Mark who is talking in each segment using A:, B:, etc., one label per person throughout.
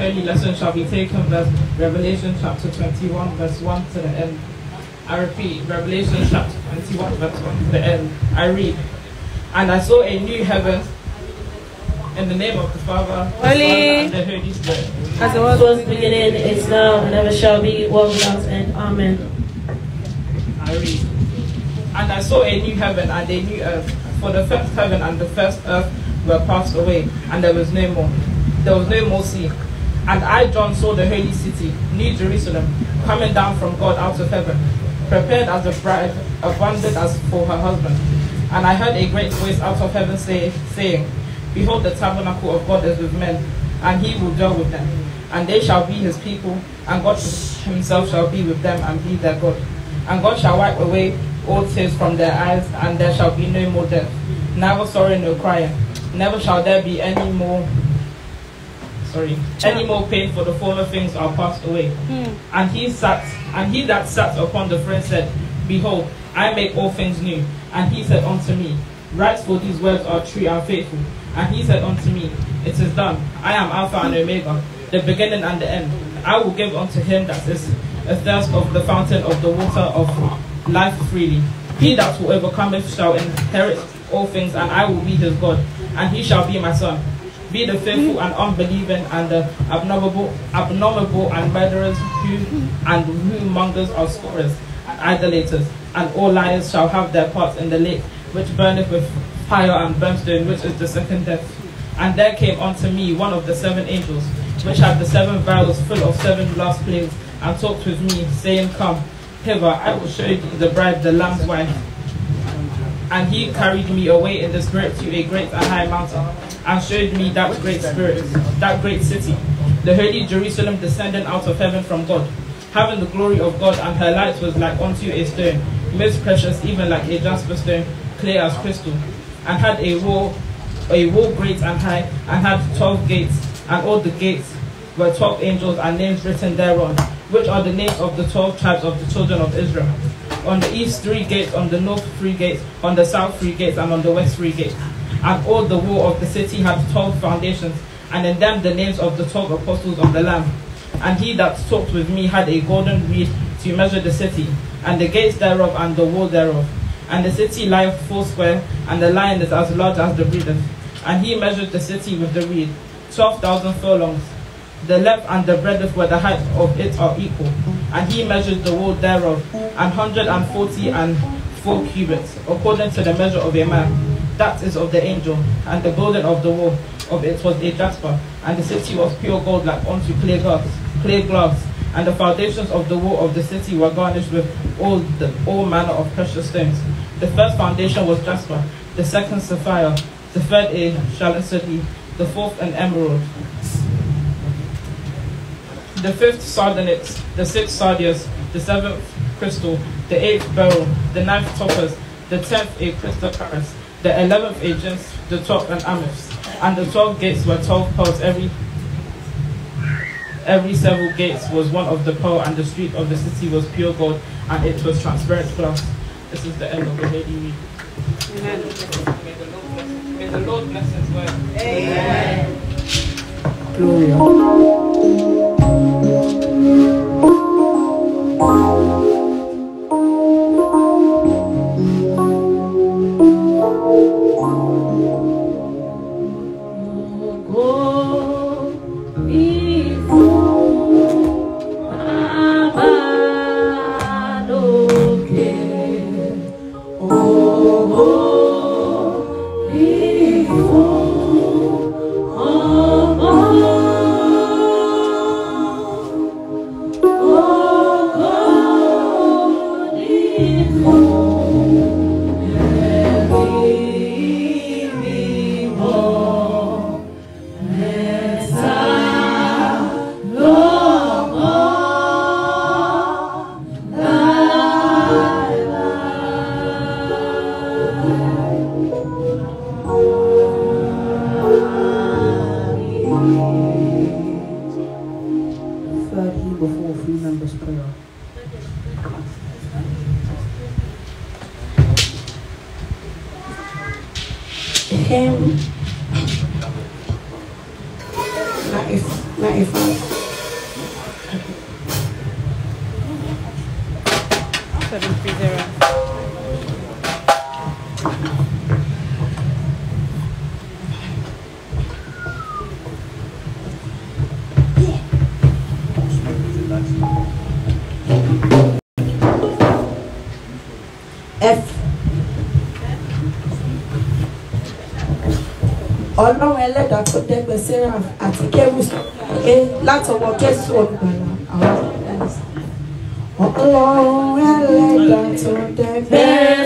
A: early lesson shall be taken, verse Revelation chapter 21, verse 1 to the end. I repeat, Revelation chapter 21, verse 1 to the end. I read, And I saw a new heaven in the name of the Father, Holy. the Holy Spirit. As it was, was beginning, is now, and ever shall be, world without end. Amen. I read. And I saw a new heaven and a new earth, for the first heaven and the first earth were passed away, and there was no more. There was no more sea. And I, John, saw the holy city, New Jerusalem, coming down from God out of heaven, prepared as a bride, abundant as for her husband. And I heard a great voice out of heaven say, saying, Behold, the tabernacle of God is with men, and he will dwell with them. And they shall be his people, and God himself shall be with them and be their God. And God shall wipe away all tears from their eyes, and there shall be no more death, never sorrow nor crying. Never shall there be any more sorry, any more pain for the former things are passed away. Hmm. And he sat, and he that sat upon the throne said, Behold, I make all things new. And he said unto me, Write for these words are true and faithful. And he said unto me, It is done. I am Alpha and Omega, the beginning and the end. I will give unto him that is a thirst of the fountain of the water of life freely. He that will overcome shall inherit all things, and I will be his God, and he shall be my son. Be the faithful and unbelieving and the abnormal, abnormal and murderers who and who mongers are scorers and idolaters, and all liars shall have their parts in the lake which burneth with fire and brimstone, which is the second death. And there came unto me one of the seven angels, which had the seven vials full of seven last plagues, and talked with me, saying, Come hither, I will show thee the bride, the lamb's wife. And he carried me away in the spirit to a great and high mountain and showed me that great spirit, that great city, the holy Jerusalem descending out of heaven from God, having the glory of God, and her light was like unto a stone, most precious, even like a jasper stone, clear as crystal, and had a wall, a wall great and high, and had twelve gates, and all the gates were twelve angels and names written thereon, which are the names of the twelve tribes of the children of Israel. On the east three gates, on the north three gates, on the south three gates, and on the west three gates and all the wall of the city had twelve foundations, and in them the names of the twelve apostles of the Lamb. And he that talked with me had a golden reed to measure the city, and the gates thereof, and the wall thereof. And the city lieth foursquare, and the lion is as large as the breadth. And he measured the city with the reed, twelve thousand furlongs. The length and the breadth where the height of it are equal. And he measured the wall thereof, an hundred and forty and four cubits, according to the measure of a man that is of the angel, and the building of the wall of it was a jasper, and the city was pure gold like unto clear glass, clear glass. And the foundations of the wall of the city were garnished with all, the, all manner of precious stones. The first foundation was jasper, the second sapphire, the third a chalice, the fourth an emerald, the fifth sardonyx, the sixth sardius, the seventh crystal, the eighth beryl, the ninth topaz, the tenth a crystal paris, the eleventh agents, the twelve and Amos, And the twelve gates were twelve pearls. Every every several gates was one of the pearl, and the street of the city was pure gold, and it was transparent glass. This is the end of the daily reading. Amen. May the Lord bless His word. Amen. Gloria.
B: ẹ̀dá tó dẹ́gbẹ́ sarah àti kẹ́rù
C: ẹ látọwọ́ jésù olùgbàlà àwọn
D: ọlọ́run ẹlẹ́dàá tó
C: dẹ́gbẹ́.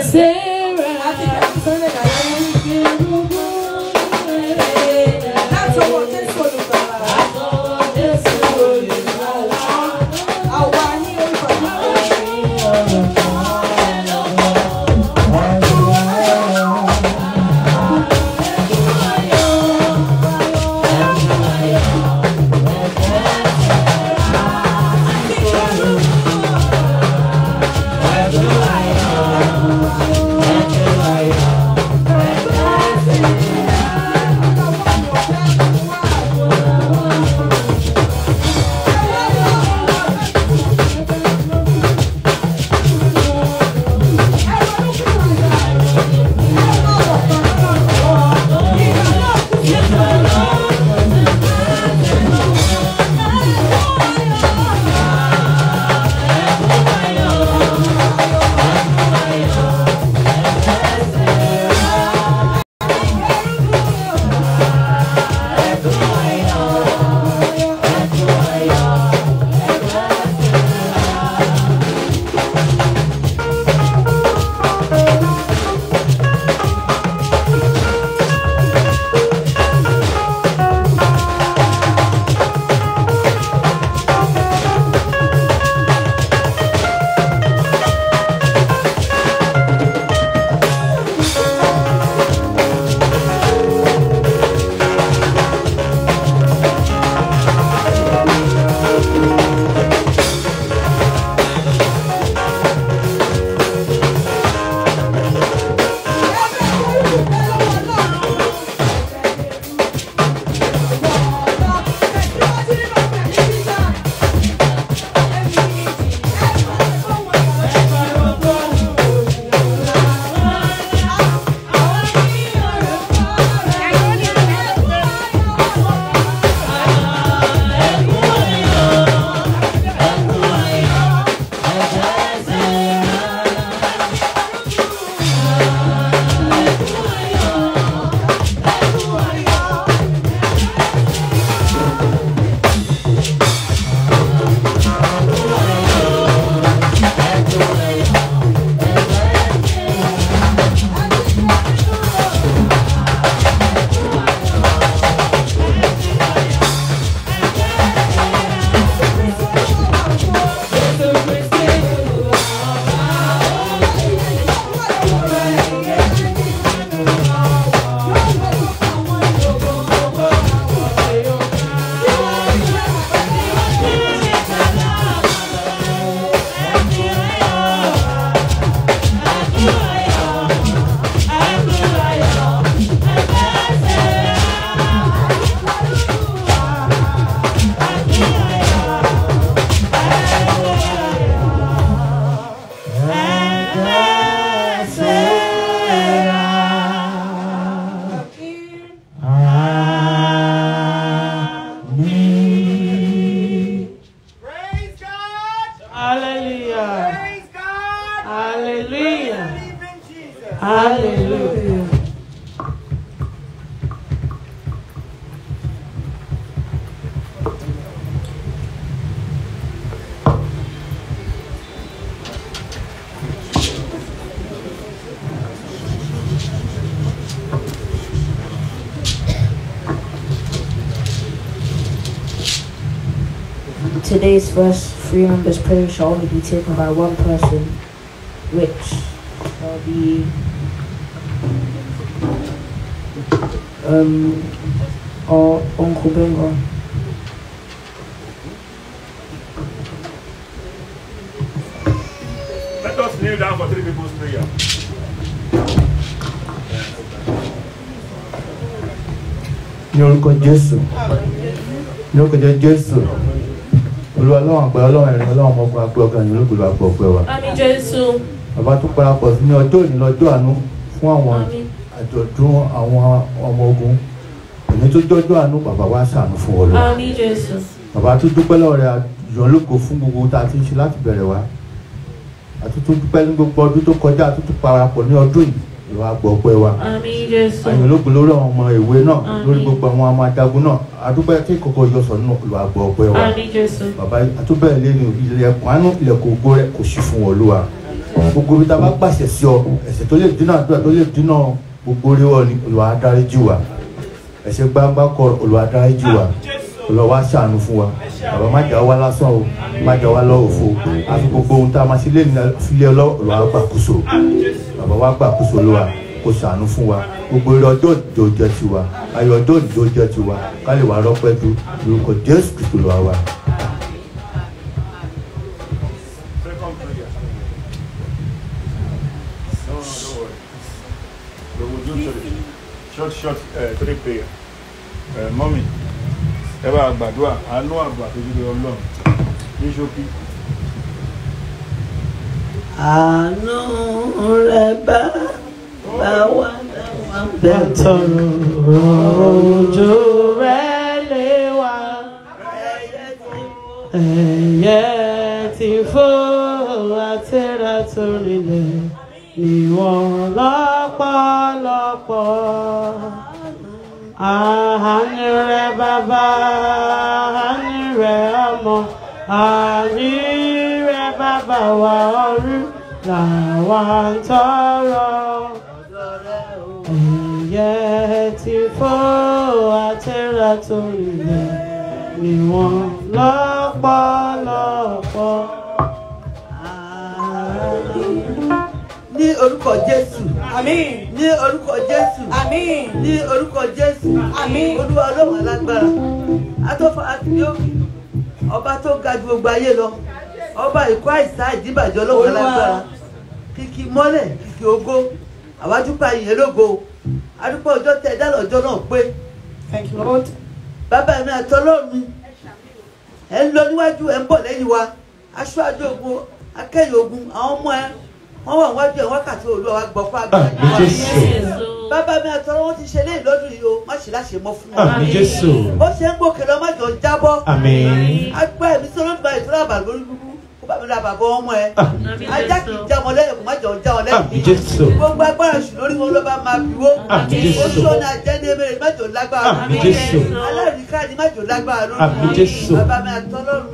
D: case first three members prayer shall only be taken by one person,
A: which shall be um our Uncle Bingo.
E: Let us kneel down for three people's prayer.
F: Em Jesus. Jesus. olúwa ọlọ́run àgbà ọlọ́run ẹ̀rín ọlọ́run ọmọkùnrin àgbẹ̀ ọ̀gá ìlú olóògbé àgbẹ̀ ọ̀pẹ wa.
D: àmín jésù.
F: bàbá tó parapọ̀ sí ní ọjọ́ òní lọ́jọ́ àánú fún àwọn àjọ̀dún àwọn ọmọ ogun òní tó jọ́jọ́ àánú bàbá wa ṣàánú fún ọ lọ.
D: àmín jésù.
F: bàbá tó dúpẹ́ lọ́rẹ̀ àyànlógo fún gbogbo tá a ti ń ṣe láti bẹ̀rẹ̀ wa àtúntò dúpẹ́ ní gbogbo ọdún tó kọjá àtúntò parapọ̀ ní ọdún yìí wa gbọ́ ọpẹ́ wa àyàn ológun lórí àwọn ọmọ ìwé náà lórí gbogbo àwọn ọmọ ajagun náà àdúgbò kí kọ́kọ́ yọ sọ nínú olùwà gbọ́ ọpẹ́ wa bàbá àtúbẹ̀ lẹ́nu ilẹ̀kùn àánú ilẹ̀kùn ògbó rẹ̀ kò sí fún olúwa gbogbo ibi tá a bá gbàṣẹ sí ọ ẹ̀ṣẹ̀ tó lè dínà àdúrà tó lè dínà gbogbo orí wọn ni olùwà adarí jù wá ẹ̀ṣẹ̀ gbangba kọ olùwà adarí jù wá olùwà ṣàánú fún wa bàbá má jà wá lásán o má jà wá lọ́wọ́ fún a fi gbogbo ohun tá a máa ṣe lé nílẹ̀ ọlọ́wọ́ olùwà gbàkóso bàbá wa gbàkóso lówà kó ṣàánú fún wa gbogbo ìrọ̀dọ́ ìdòjọ́ tiwa ayọ̀dọ́ ìdòjọ́ tiwa ká lè wà rọ́pẹ́ tó lórúkọ Jésù Kristu lọ́wọ́ wa.
E: short short uh, three prayer uh, eh, mọ́mì ẹ bá gbàdúrà
C: àánú àgbà tó dúró ọlọ́run bíṣọ́pì àánú rẹ bá bá wà láwa bẹ tọrọ òjò rẹ lé wa ẹyẹ ti fò àtẹrà tó rinlẹ̀ níwọ̀n lọ́pọ̀lọpọ̀
D: àánú rẹ bàbá àánú rẹ ọmọ àánú bàbá wa ọ̀run
B: làwa ń tọrọ ẹ̀yẹ ni
C: wọ́n lọ́pọ̀lọpọ̀. ní orúkọ jésù. àmín. ní orúkọ jésù. àmín. ní orúkọ jésù. àmín. olúwa ọlọ́run alágbára atọ́fà àti yóò ọba tó ga ju gbogbo ayé lọ ọba ìkó àìsàn ìdíbàjẹ́ ọlọ́wọ́ lágbára kìkì mọ́lẹ̀ kìkì ògo àwájúpa ìyẹn lógo adúpọ̀ ọjọ́ tẹ dálọ̀ ọjọ́ náà pé bàbá mi àtọ́lọ́ mi ẹ̀ ń lọ níwájú ẹ̀ ń bọ̀ lẹ́yìn wa aṣọ àjọ ogun akẹ́yìn ogun àwọn ọmọ ẹ̀ wọ́n wà wájú ẹ̀ wákàtí olúwa wa gbọ́ fún agbára bàbá mi àtọ́rọ́ wọn ti ṣe lé ìlọ́dún yìí o má ṣe láṣẹ mọ́ fún wọn. ó ṣe ń gòkè lọ má jọ jábọ́. àgbà ẹ̀mí sọ́lọ́dún báyìí tó lábàá lórí gbogbo bàbá bàbá ọmọ ẹ ah. ajá kì í já ọmọ lẹ́yìn kò má jọ já ọ lẹ́yìn ah, gbogbo agbára sùn lórí wọn ló bá máa fi wó oṣù ọ̀nà àjẹ́nẹ́mẹ́rẹ́ má jò lágbára ah, alárìíká ni má jò lágbára lórí bàbá mi àtọ́lọ́run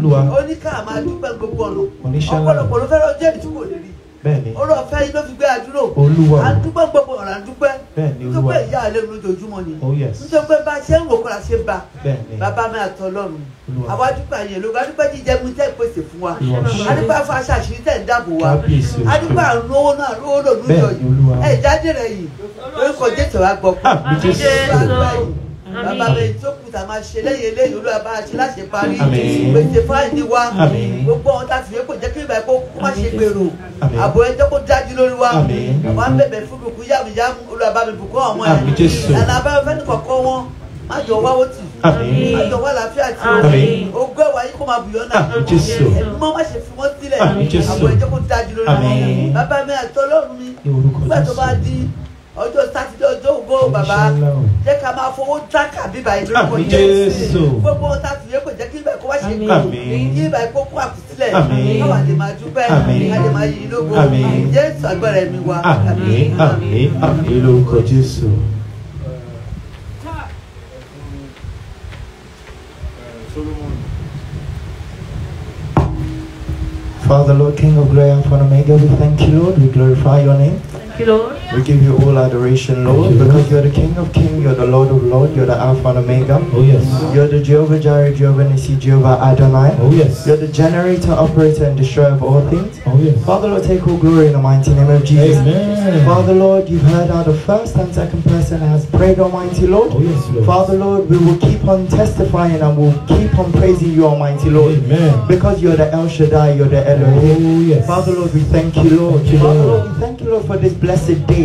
C: mi oníkà máa dúpẹ́ gbogbo
F: ọ̀nà ọ̀pọ̀lọpọ̀
C: ló fẹ́ràn jẹ́rìí tí kò lè rí bẹ́ẹ̀ni ọ̀rọ̀ ọ̀fẹ́ yìí ló fi gbé àdúrò olúwa à ń dúpẹ́ gbogbo ọ̀rọ̀
F: à ń dúpẹ́ bẹ́ẹ̀ni
D: olúwa nítorí pé ìyá
C: àlẹ́ lójoojúmọ́ ni oh, nítorí pé bá a ṣe ń wò kó la ṣe ba bàbá mi àtọ Ọlọ́run àwa dúpẹ́ àyè ló bá dúpẹ́ jíjẹ mu tẹ́ pèsè fún wa a dúpẹ́ afọ aṣọ àṣírí tẹ́ ń dáàbò wa a dúpẹ́ àrùn náà owó lòdùn jọ yìí ẹ̀ jáde rẹ̀ yìí lórúkọ Jésù wa gbọ́ bàbá rẹ ìjókòó tá a máa ṣe lẹ́yìn eléyìí olúwa bá a ṣe láṣẹ parí pèsè fáìní wa gbogbo ọ̀hún tá a fi yẹ kó jẹ́ kí ìbáyìí kó má ṣe gbèrò àbò ẹjọ́ kó dájú lórí wa wà á bẹ̀bẹ̀ fún bùkún yàmù yàmù olúwa bá mi bùkún ọ̀hún ẹ̀ ìlànà abẹ́rẹ́ fẹ́ni kọ̀ọ̀kan wọn má jọ wá wó tì má jọ wá làáfíà tì ogún ẹ̀wà yìí kó máa bùyọ́ náà ẹ̀mí mọ́ má ṣe fi wọ́n sílẹ̀ àbò ẹjọ́ kó dájú lórí wa bàbá mi àtọ́lọ́run mi nígbà tó bá dín ọjọ́ sátidé ọjọ́ ògo bàbá jẹ́ ká máa fowó dákà bíbá ìlú kò jésù gbogbo ohun tá kò jẹ́ kí ibà kó wá ṣe kí ibà kó kó àkùsílẹ̀ káwọn àti máa dúpẹ́ àti máa yí lógo jésù agbára ẹ̀mí wa
F: àmín àmín àmín lórúkọ jésù. Father, Lord, King of glory and Father, Omega, we thank you, Lord. We glorify your name. you, Lord. We give you all adoration, Lord, you, because you're the King of kings, you're the Lord of lords, you're the Alpha and Omega. Oh, yes. You're the Jehovah Jireh, Jehovah Nissi, Jehovah Adonai. Oh, yes. You're the generator, operator, and destroyer of all things. Oh, yes. Father, Lord, take all glory in the mighty name of Jesus. Amen. Father, Lord, you've heard how the first and second person has prayed, Almighty Lord. Oh, yes, Lord. Father, Lord, we will keep on testifying and we'll keep on praising you, Almighty Lord. Amen. Because you're the El Shaddai, you're the Elohim. Oh, yes. Father, Lord, we thank you, Lord. Thank you, Lord. Father, Lord, we thank you, Lord, for this blessing blessed be.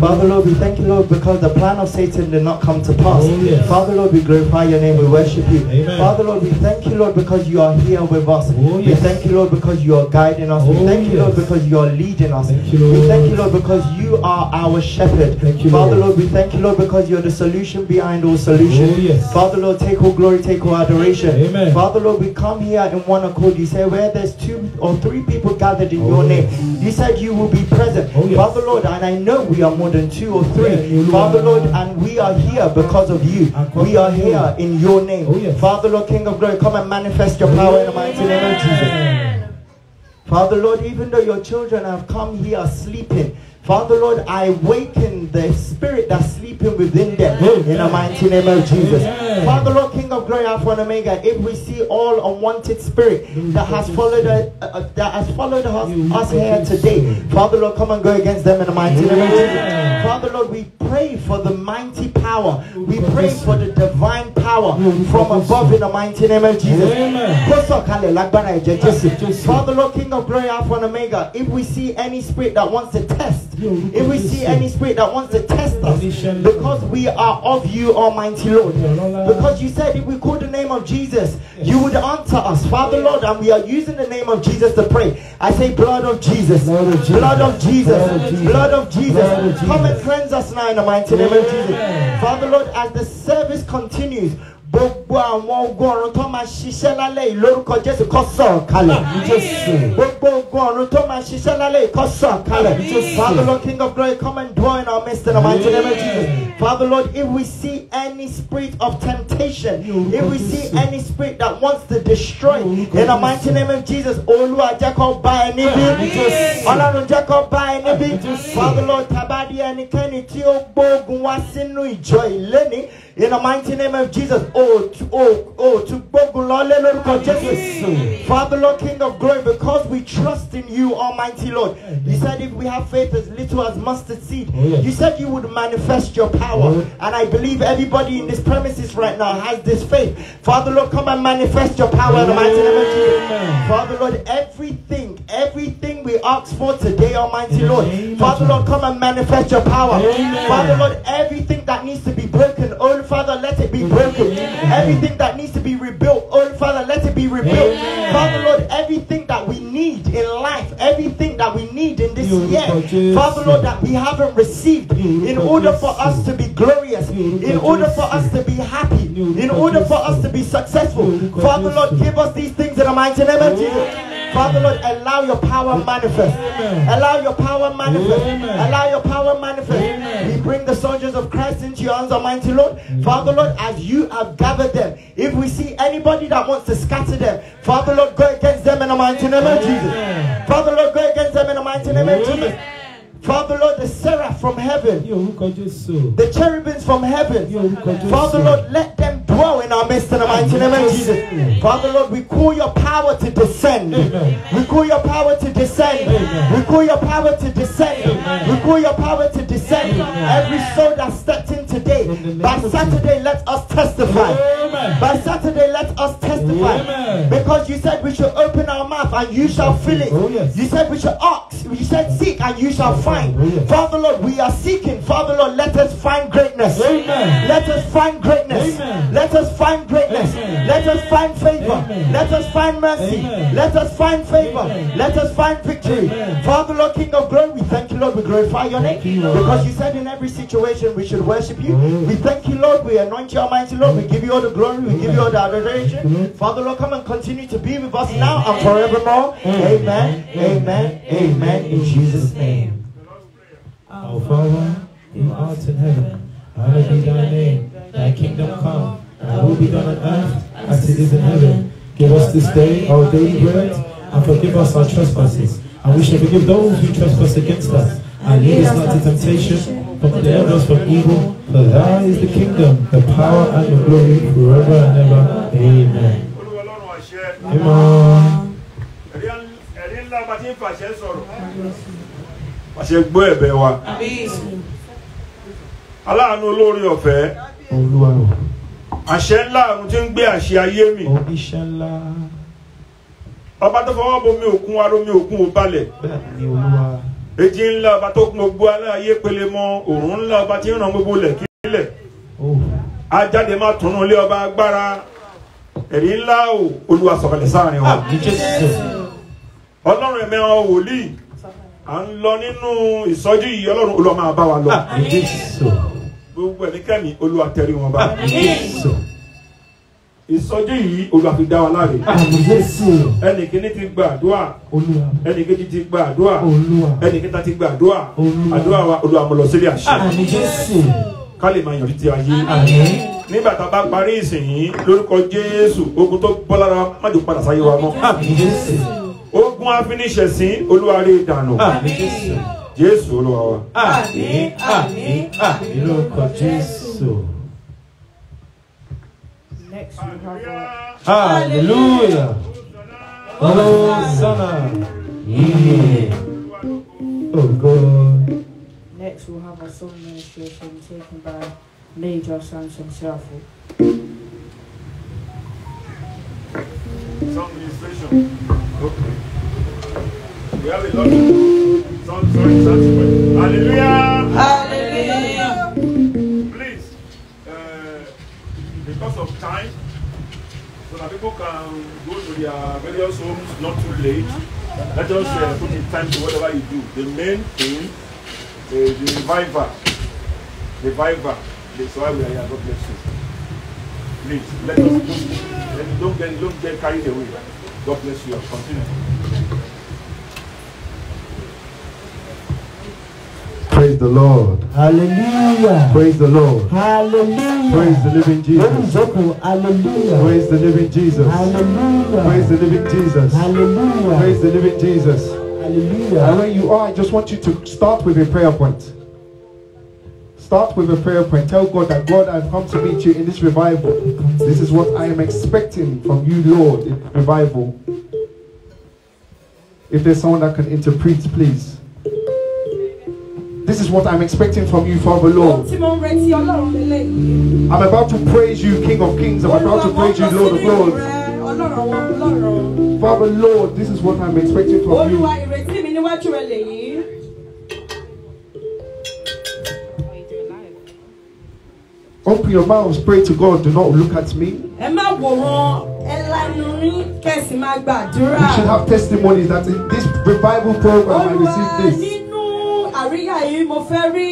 F: Father Lord, we thank you, Lord, because the plan of Satan did not come to pass. Oh, yes. Father Lord, we glorify your name, we worship you. Amen. Father Lord, we thank you, Lord, because you are here with us. Oh, yes. We thank you, Lord, because you are guiding us. Oh, we thank yes. you, Lord, because you are leading us. Thank you, we thank you, Lord, because you are our shepherd. Thank you, Father Lord. Lord, we
B: thank you, Lord, because you're the solution behind all solutions. Oh, Father Lord, take all glory, take all adoration. Amen. Father Lord, we come here in one accord. You say, where there's two or three people gathered in your oh. name. You said you will be present. Oh, Father Lord, and I know we are more than two or three. Father
F: Lord, and we are here because of you. We are here in your name. Oh, Father Lord, King of glory, come and manifest your power in the mighty name of Jesus. Father Lord, even though your children have come here sleeping, Father Lord, I awaken the spirit that's sleeping within them in the mighty name of Jesus. Father Lord, King of Glory, Alpha and Omega, if
B: we see all unwanted spirit that has followed us, uh, uh, that has followed us, us here today, Father Lord, come and go against them in the mighty name of Jesus. Father Lord, we pray for the mighty power. We pray for the divine power from above in the mighty name of Jesus. Father Lord, King of Glory, Alpha and Omega, if we see any spirit that wants to test if we see any spirit that wants to test us, because we are of you, Almighty Lord, because you said if we call the name of Jesus, you would answer us, Father Lord, and we are using the name of Jesus to pray. I say, blood of Jesus, blood of Jesus, blood of Jesus, blood of Jesus. come and
F: cleanse us now in the mighty name of
B: Jesus, Father Lord. As the service continues, gbogbo àwọn ogun ọ̀run tó máa ṣiṣẹ́ lálẹ́ yìí lórúkọ jésù kó sọ̀kalẹ̀ gbogbo ogun ọ̀run tó máa ṣiṣẹ́ lálẹ́ yìí kó sọ̀kalẹ̀ father lord king of glory come and dwell in our midst in the mighty name of jesus father lord if we see any spirit of temptation if we see any spirit that wants to destroy in the mighty name of jesus olúwa jacob kó bá ẹ níbí ọlọ́run jẹ́ kó bá ẹ níbí father lord tabadi ẹnikẹ́ni tí ó gbógun wá sínú ìjọ ìléni. In the mighty name of Jesus. Oh, oh, oh, to Bogulale Lord Jesus. Father Lord, King of glory, because we trust in you, Almighty Lord. You said if we have faith as little as mustard seed, oh, you said you would manifest your power. Oh, and I believe everybody in this premises right now has this faith. Father Lord, come and manifest your power in the mighty name of Jesus. Father Lord, everything, everything we ask for today, Almighty Lord. Father Lord, come and manifest your power. Father Lord, everything that needs to be broken over Father, let it be broken. Everything that needs to be rebuilt, oh Father, let it be rebuilt. Father, Lord, everything that we need in life, everything that we need in this year, Father, Lord, that we haven't received, in order for us to be glorious, in order for us to be happy, in order for us to be successful. Father, Lord, give us these things in the mighty name of Jesus. Father Lord, allow your power manifest. Amen. Allow your power manifest. Amen. Allow your power manifest. Amen. We bring the soldiers of Christ into your hands, Almighty Lord. Father Lord, as you have gathered them, if we see anybody that wants to scatter them, Father Lord, go against them in the mighty name of
D: Jesus.
B: Father Lord, go against them in the mighty name of Jesus. Father Lord, the seraph from heaven, the cherubims from heaven, Father Lord, let them dwell in our midst in the mighty name of Jesus. Father Lord, we call your power to descend. We call your power to descend. We call your power to descend. We call your power to descend. Every soul that stepped in today, by Saturday, let us testify. By Saturday, let us testify. Because you said we should open our mouth and you shall fill it. Oh, you said we should ask, you said seek and you shall find. Father Lord, we are seeking. Father Lord, let us find greatness. Amen. Let us find greatness. Amen. Let us find greatness. Amen. Let us find favor. Amen. Let us find mercy. Let us find favor. Let us find victory. Father Lord, King of glory, we thank you, Lord. We glorify your name. You, because you said in every situation we should worship you. We thank you, Lord. We anoint your mighty Lord. We give you all the glory. We give you all the adoration. Father Lord, come and continue to be with us now and forevermore. Amen. Amen. Amen. In Jesus' name. Our Father, who art in heaven,
D: hallowed be thy name. Thy kingdom come, thy will be done on earth as it is in heaven. Give us
B: this day our daily bread, and forgive us our trespasses, and we shall forgive those who trespass against us. And lead us not to temptation, but deliver us from evil.
D: For thine is the kingdom, the power, and the glory, forever and ever. Amen. Amen.
E: àṣẹ gbọ́ ẹ̀bẹ̀ wa aláàánú olórí ọ̀fẹ́ àṣẹ ńlá àrùn tí ń gbé àṣẹ ayé mi ọba tó fọwọ́ bomi òkun wa romi òkun ò balẹ̀ èjì ńlá ọba tó kún gbogbo aláàyè pele mọ òrùn ńlá ọba tí ń ràn gbogbo lẹ̀ kílẹ̀ ajáde má tunu lé ọba agbára ẹ̀rí ńlá o Olúwa sọ̀kalẹ̀ sáàrin wa ọlọ́run ẹ̀mẹ́ràn wòlíì à ń lọ nínú ìsọjí yìí ọlọ́run olúwa máa bá wa lọ. gbogbo ẹnikẹ́ni olúwa tẹrí wọn bá. ìsọjí yìí olúwa fi dá wa láre. ẹnìkíní ti gba àdúrà. ẹnìkejì ti gba àdúrà. ẹnìkẹta ti gba àdúrà. àdúrà wa olúwa mọ̀ lọ sílé àṣẹ. ká lè máa yọrí ti ayé nígbà tá a bá parí ìsìn yìí lórúkọ jésù ogun tó bọ́ lára má jò padà sáyé wa mọ́. ogun afiníṣẹ̀sín olúwarẹ̀ ìdànù jésù olúwa wa. àmín àmín àmín lórúkọ jésù.
B: Uh,
D: hallelujah hosanna yeah oh god.
A: Next we'll have a song ministration taken by Major Samson Shuffle. Song ministration.
D: Okay. We have a lot of sound sorry, sound Hallelujah.
E: Hallelujah. Please, uh, because of time, so that people can go to their various homes not too late, let us uh, put in time to whatever you do. The main thing, uh, the revival, revival. That's why we are here. God bless you. Please, let us do. Let, don't get, don't get carried away. God bless you. Continue.
G: Praise the Lord. Hallelujah. Praise the Lord. Hallelujah. Praise the living Jesus. Hallelujah. Praise the living Jesus. Hallelujah. Praise the living Jesus. Hallelujah. Praise the living Jesus. Hallelujah. And you are, I just want you to start with a prayer point. Start with a prayer point. Tell God that God, I've come to meet you in this revival. This is what I am expecting from you, Lord, in revival. If there's someone that can interpret, please. This is what I'm expecting from you, Father Lord.
B: I'm
G: about to praise you, King of Kings. I'm about to praise you, Lord
B: of Lords.
G: Father Lord, this is what I'm expecting from
B: you.
G: Open your mouth, pray to God. Do not look at me.
B: Ẹ má wòran, ẹ lanu máa gbàdúrà. You should have
G: testimonies that this revival program I received this. Olúwa nínú
B: àríyá yìí mo fẹ́ rí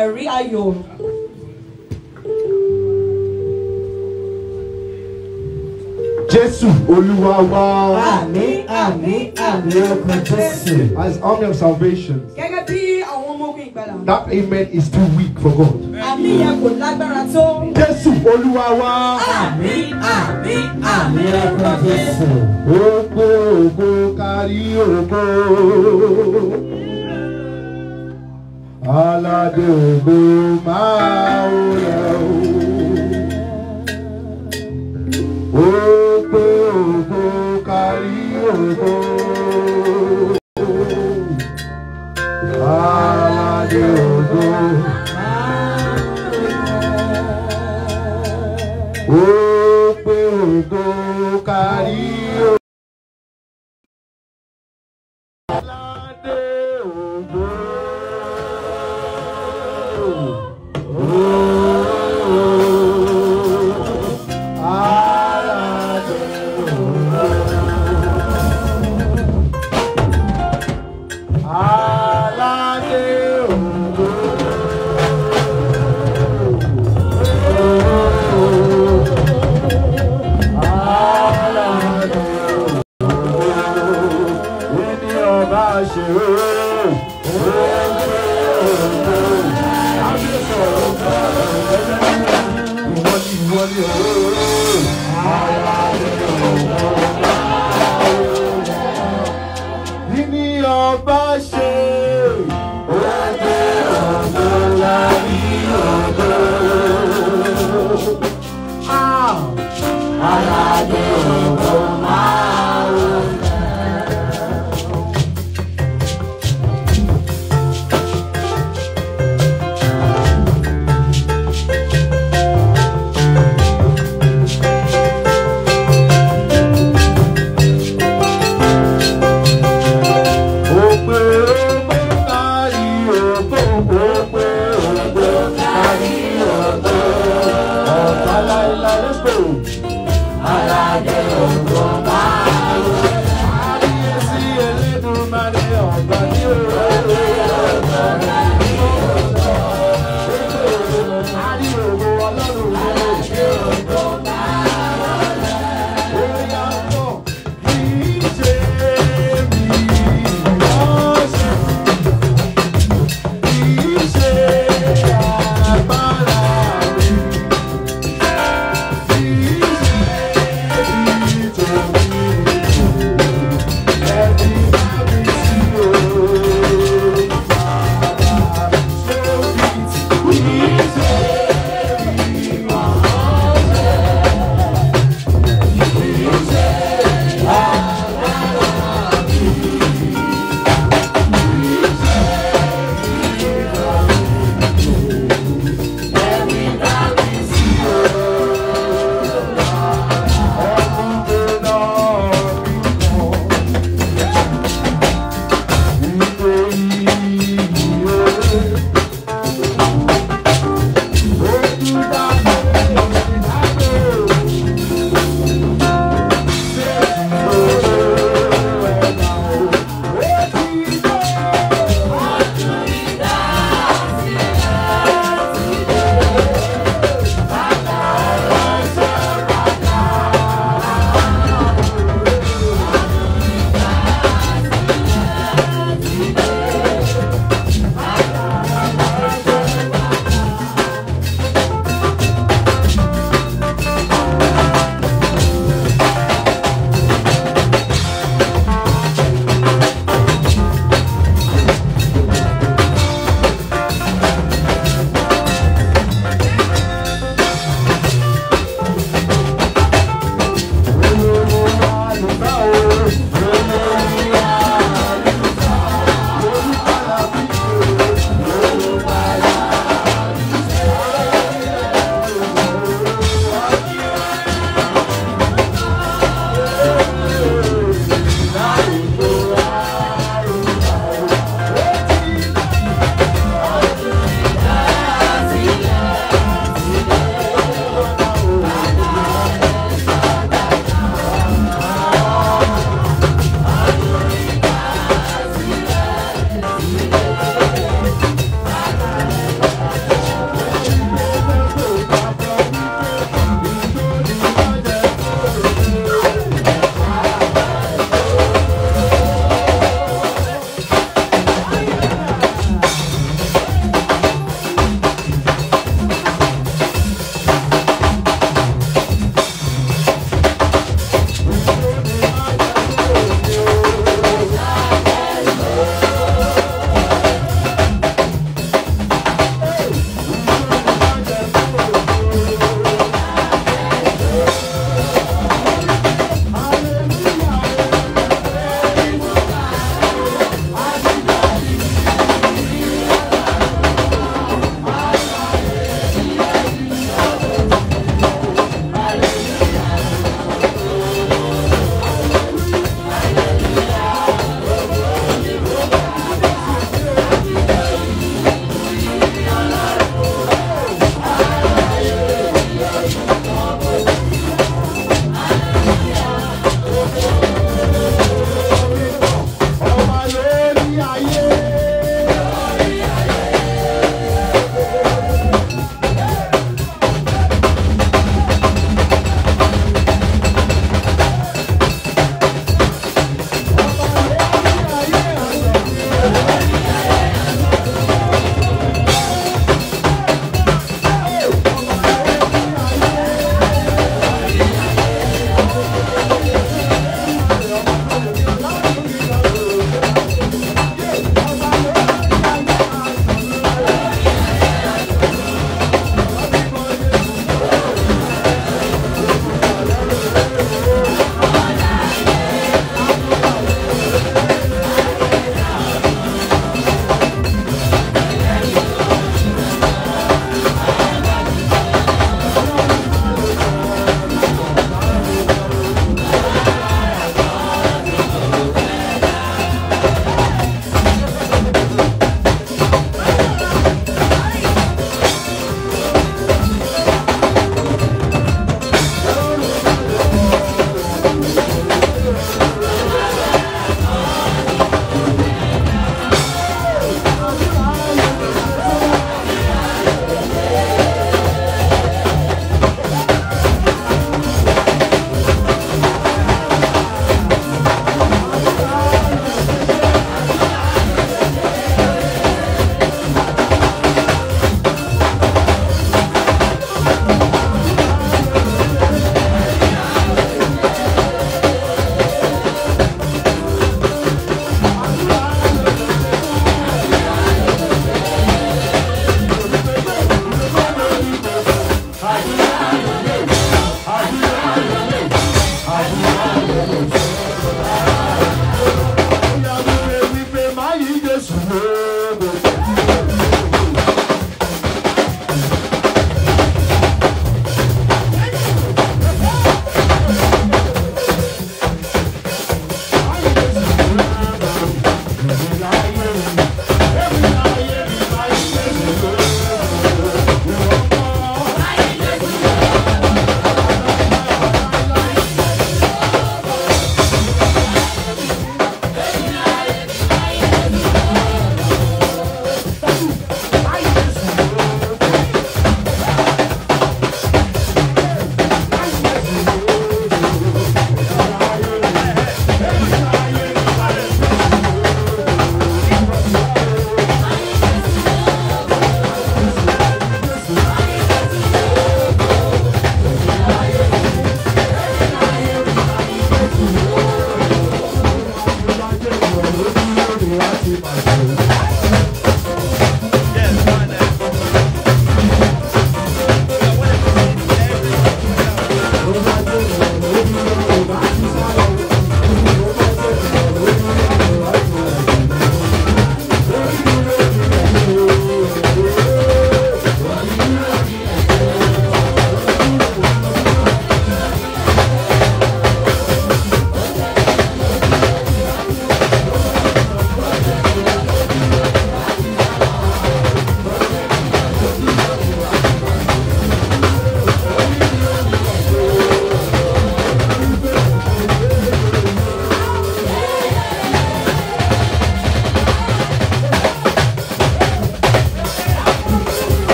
B: ẹ̀rí ayọ̀.
G: Jésù Olúwa wa. Àmín àmín àmín ọkàn Jésù. As army of salvation.
B: Gẹ́gẹ́ bí àwọn ọmọ ogun ìgbàlà.
G: That amen is too weak for God. Àmín yẹn
B: kò lágbára tó.
G: Jésù Olúwa wa. Àmín àmín àmín ọkàn Jésù. Ògo ògo kárí ògo. Aládé ògo máa
D: ń lọ. Oh. Oh.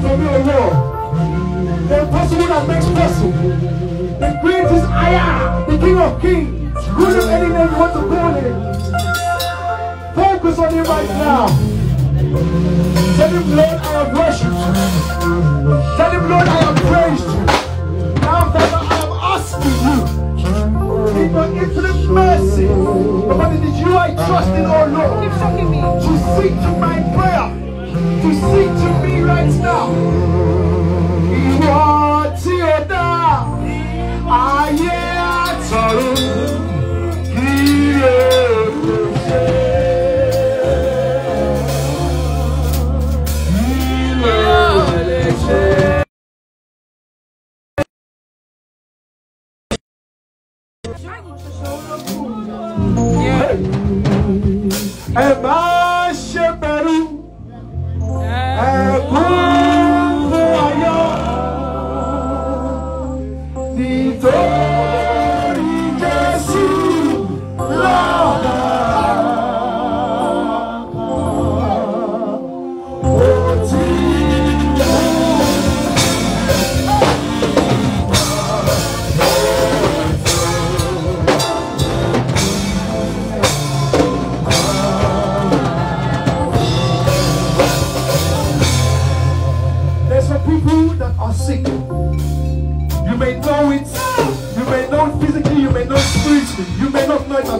D: from your world. The impossible that makes possible. The greatest I am, the King of Kings. Good of any name you want to call him. Focus on him right now. Tell him, Lord, I have worshipped
B: Tell him, Lord, I have praised you. Now, Father, I am asking you
G: in your infinite mercy. But it is you I trust in, O Lord.
D: To seek to my prayer to sing to me right now. Iwọ tí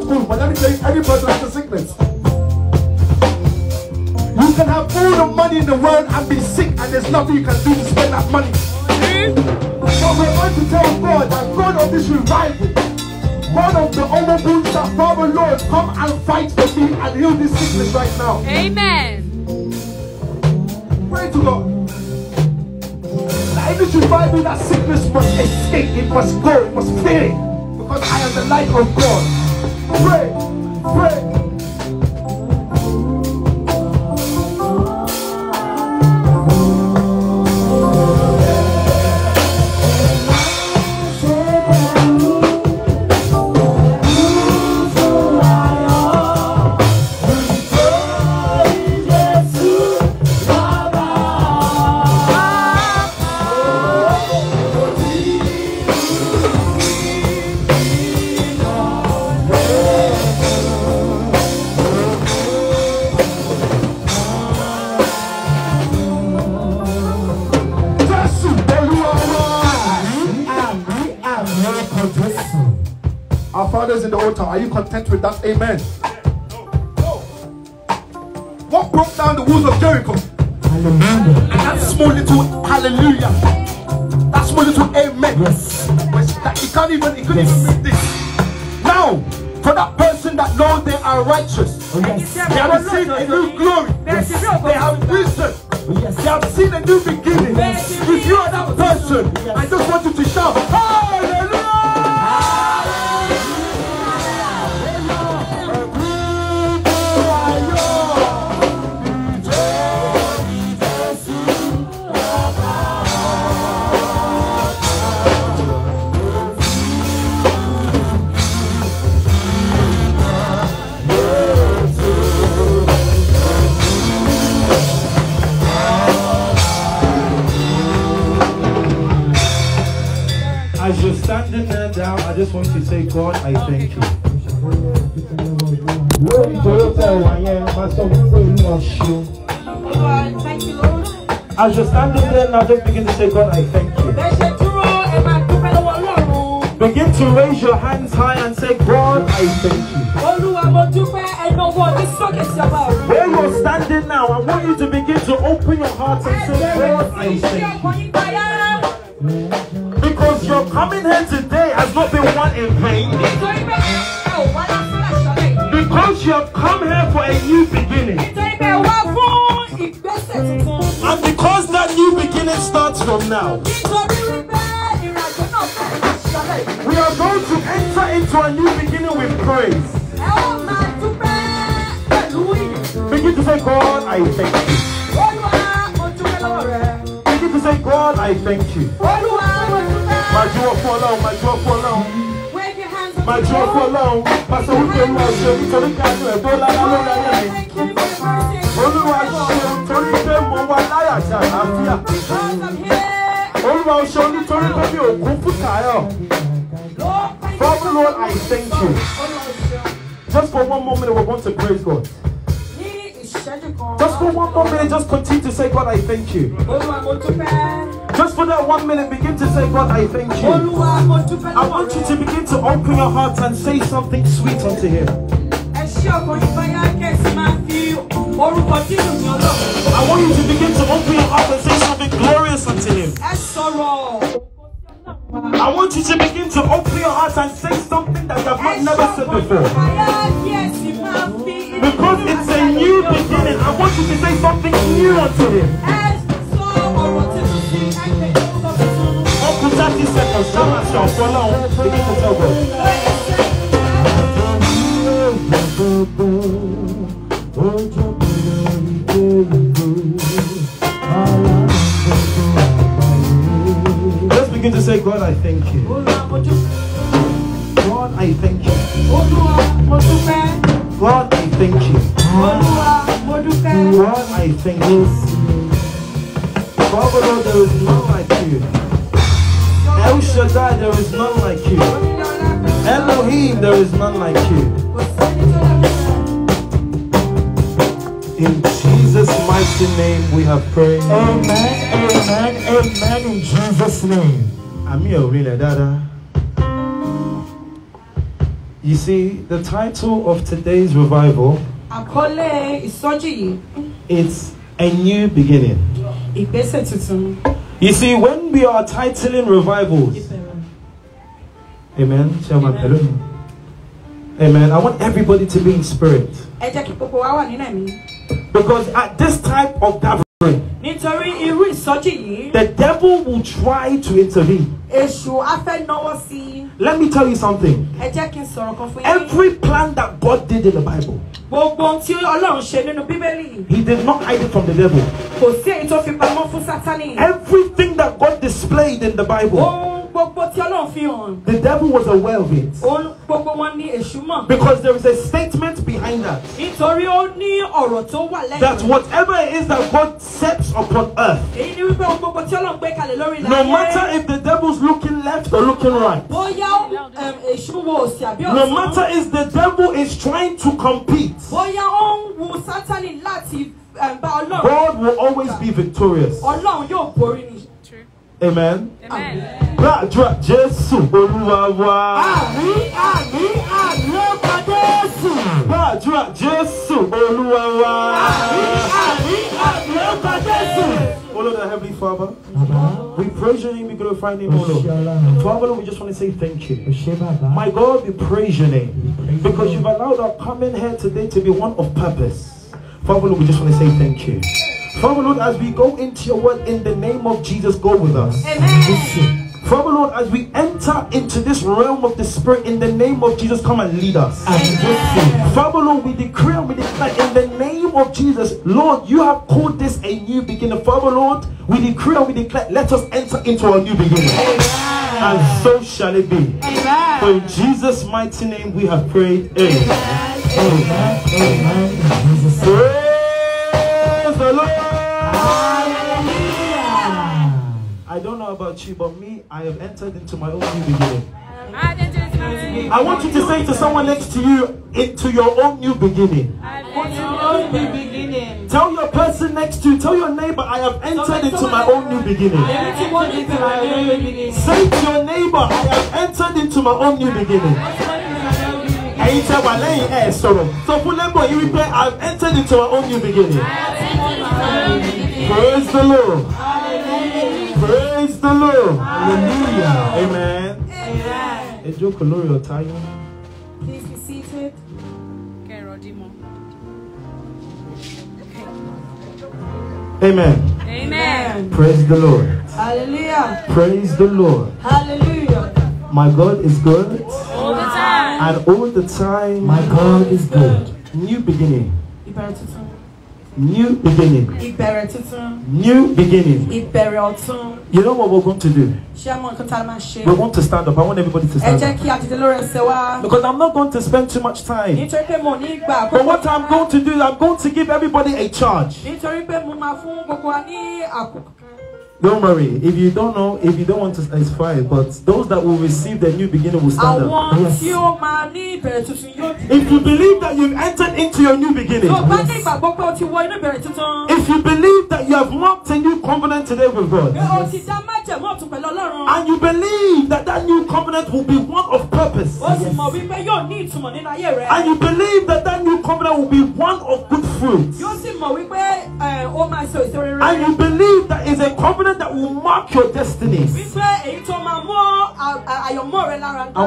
G: But let me tell you, every person has a sickness. You can have all the money in the world and be sick, and there's nothing you can do to spend that money. Because we're going to tell God that God of this revival, God of the overboots that Father Lord, come and fight for me and heal this sickness right now.
D: Amen.
G: Pray to God. That in this revival, that sickness must escape, it must go, it must flee. Because I am the light of God pray, pray. That's amen. What broke down the walls of Jericho? And that small little hallelujah. That small little amen. Yes. That he can't even, he couldn't yes. even
B: I thank you. Olúwa mo dúpẹ́. Màá jọ̀wọ́ fún Ọlọ́run, màá jọ̀wọ́ fún Ọlọ́run.
D: Wave your hands up. Màá jọ̀wọ́ fún Ọlọ́run. Màá sọ wípé olúwa ṣe nítorí kájú ẹ̀gbọ́n lára lórí ayé mi. Olúwa ṣe nítorí
B: pé mo wà láyà àti àlàáfíà. Olúwa ṣe nítorí pé mi ò kún fún tààyọ̀. Father Lord, I thank you. Just for one moment, we want to praise God.
D: Just for one more minute, just
B: continue to say, God, I thank you. Just for that one minute, begin to say, God, I thank you. I want you to begin to open your heart and say something sweet unto Him. I want you to begin to open your heart and say something glorious unto Him. I want you to begin to open your heart and say something that you have not never said before.
D: Because it's
B: new beginning. I want you to say something new unto him. Uncle 30 seconds, shout out shout for long. Begin to tell God. Let's begin to say, God, I thank you. God, I thank you. What I think you.
D: What
B: I think you. Father Lord, there is none like you. El Shaddai, there is none like you. Elohim, there is none like you. In Jesus' mighty name we have prayed. Amen, amen, amen, in Jesus' name. Àmì you see, the title of today's revival it's a new beginning. You see, when we are titling revivals, Amen. Amen. Amen. I want everybody to be in spirit. Because at this type of gathering, the devil will try to intervene. Let me tell you something. Every plan that God did in the Bible. He did not hide it from the devil. Everything that God displayed in the Bible. The devil was aware of it. Because there is a statement behind that. That whatever it is that God sets upon earth. No matter if the devil's looking left or looking right. No matter if the devil is trying to compete. God will always be victorious. Amen. Gbàdúrà Jésù Olúwa wa. Àmì àmì àmì Opa Jesus. Gbàdúrà Jésù Olúwa wa. Àmì àmì àmì Opa Jesus. O Lord, our Heavenly Father, we praise your name, we glorify your name, O Lord. Father, we just want to say thank you. My God, we praise your name because you've allowed our coming here today to be one of purpose. Father, we just want to say thank you. Father Lord, as we go into your word in the name of Jesus, go with us. Amen. Father Lord, as we enter into this realm of the Spirit, in the name of Jesus, come and lead us. Amen. Father Lord, we decree and we declare in the name of Jesus, Lord, you have called this a new beginning. Father Lord, we decree and we declare, let us enter into a new beginning. Amen. And so shall it be. Amen. For in Jesus' mighty name we have prayed. Amen. Amen. Amen. Praise the Lord. I don't know about you, but me, I have entered into my own new beginning. I want you to say to someone next to you, into your own new beginning. Tell your person next to you, tell your neighbor, I have entered into my own new beginning. Say to your neighbor, I have entered into my own new beginning.
D: ẹ̀yin tẹ́ wà lẹ́yìn
B: ẹ̀ sọ̀rọ̀ sọ for lẹ́bọ̀ yìí wípé i have entered into my own new
D: beginning. Praise the Lord. Hallelujah.
B: Praise the Lord. Hallelujah. Hallelujah. Amen.
D: Amen.
B: Ẹ jókòó lórí ọ̀tá
D: yín. Please be seated. Kẹ̀rọ
B: Amen.
C: Amen.
D: Praise
B: the Lord.
C: Hallelujah.
B: Praise the Lord.
C: Hallelujah.
B: My God is good. All the time. And all the time. My God is good. New beginning. New beginning. Ìbẹ̀rẹ̀ tuntun. New beginning. Ìbẹ̀rẹ̀ ọ̀tun. You know what we're going to do?
C: Ṣé mo nǹkan tá a máa ṣe? We want
B: to stand up. I want everybody to stand up. Ẹ jẹ́ kí a dìde
C: lórí ẹsẹ̀ wa.
B: Because I'm not going to spend too much time. Nítorí
C: pé mo ní ìgbà But
B: what I'm going to do, I'm going to give everybody a charge.
C: Nítorí pé mo máa fún gbogbo wa ní àkókò.
B: Don't worry. If you don't know, if you don't want to, it's fine. But those that will receive the new beginning will stand up. want Yes. If you believe that you've entered into your new beginning, yes. if you believe that you have marked a new covenant today with God, yes. and you believe that that new covenant will be one of purpose, and you believe that that new covenant will be one of good fruit, eh, and you believe that is a covenant covenant that will mark your destinies. I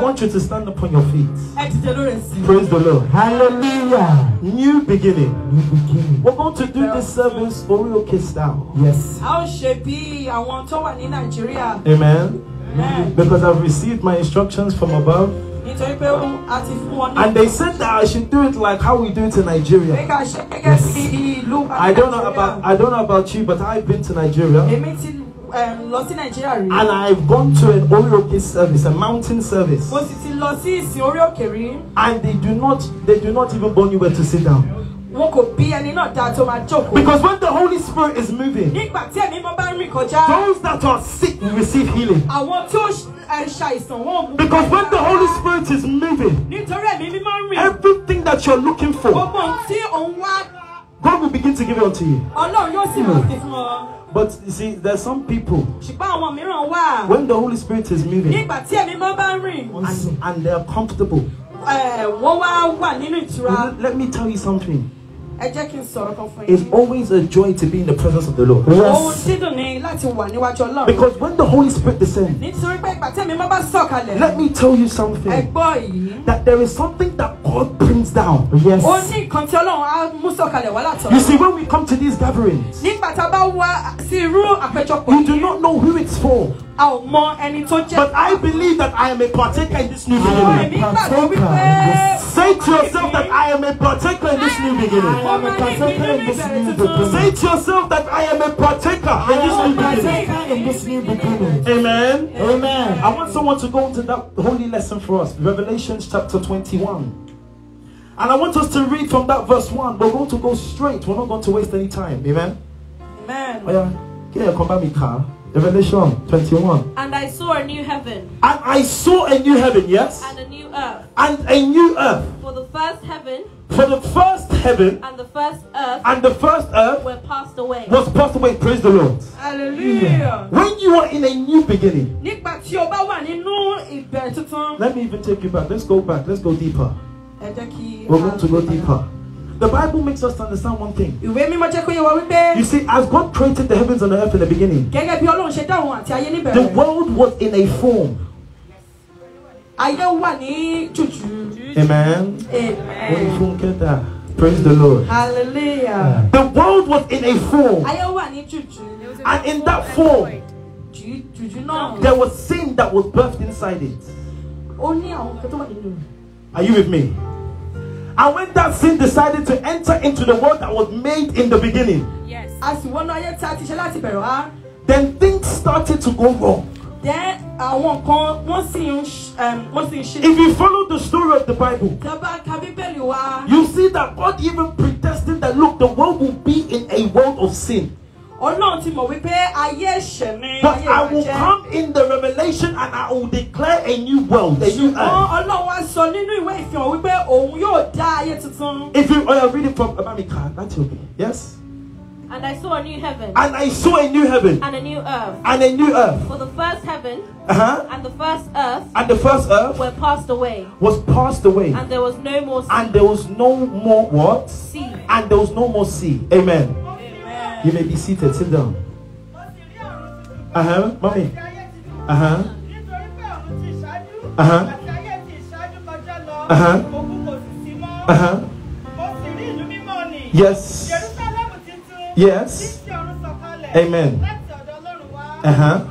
B: want you to stand upon your feet. Praise the Lord. Hallelujah. New beginning. New beginning. We're going to do this service Oreo style. Yes. How should be? I want to in Nigeria. Amen. Amen. Because I've received my instructions from above nítorí pé a ti fún wọn and they said that I should do it like how we do it in Nigeria. pé ṣe gẹ́gẹ́ bí ìlú. I don't know about I don't know about you but I've been to Nigeria. èmi ti lọ sí Nàìjíríà rí. and I've gone to an Orioke service, a mountain service. Mo sì ti lọ sí ìsìn orí òkè rí. And they do not they do not even warn you where to sit down wọn kò bí ẹni náà dáa tó máa jókòó. because when the holy spirit is moving. nígbà tí ẹ̀mí mọ́ bá ń rìn kọjá. those that are sick will receive healing. àwọn tó ṣàìsàn wọn mú. because when the holy spirit is moving. nítorí ẹ̀mí mímọ́ ń rìn. everything that you are looking for. gbogbo tí òun wá. God will begin to give it unto you. Ọlọ́run yóò sì máa fi fún ọ. But you see, there's some people. Ṣùgbọ́n àwọn mìíràn wà. When the Holy Spirit is moving. Nígbà tí ẹ̀mí mọ́ bá ń rìn. And and they are comfortable. Wọ́n wá wà nínú ìtura. Let me tell you something. It's always a joy to be in the presence of the Lord. Yes. Because when the Holy Spirit descends, let me tell you something. That there is something that God brings down. Yes. You see, when we come to these gatherings, you do not know who it's for. But I believe that I am a partaker in this new beginning. Say to yourself that I am a partaker in this new beginning. Say to yourself that I am a partaker. Amen. Amen. Amen. I want someone to go into that holy lesson for us. Revelation chapter 21. And I want us to read from that verse 1. We're going to go straight. We're not going to waste any time. Amen.
A: Amen. Oh yeah.
B: Get your car. Revelation 21.
A: And I saw a new heaven.
B: And I saw a new heaven, yes?
A: And a new earth.
B: And a new earth.
A: For the first heaven.
B: For the first heaven.
A: And the first earth. And the first earth. Were passed away. Was
B: passed away, praise the Lord.
A: Hallelujah.
B: When you are in a new beginning. Let me even take you back. Let's go back. Let's go deeper. We're going to go deeper. The Bible makes us understand one thing. You see, as God created the heavens and the earth in the beginning, the world was in a form. Amen. Amen. Praise the Lord. Hallelujah. The world was in a form. And in that form, there was sin that was birthed inside it. Are you with me? And when that sin decided to enter into the world that was made in the beginning, yes. then things started to go wrong. Uh, um, if you follow the story of the Bible, you see that God even predestined that look, the world will be in a world of sin. But I will come in the revelation and I will declare a new world. Ṣùgbọ́n Ọlọ́run wá If you oh, are reading from America, that's be. Yes.
A: And I saw a new heaven. And I saw a new heaven. And a new earth. And a new earth. For the first heaven uh-huh. and the first earth. And the first earth were passed away.
B: Was passed away. And
A: there was no more sea. And there was no
B: more what?
A: Sea. And there was no more
B: sea. Amen. You may be seated. Sit down. Uh huh. Mommy. Uh huh. Uh huh. Uh huh. Uh huh. Yes. Yes. Amen. Uh huh.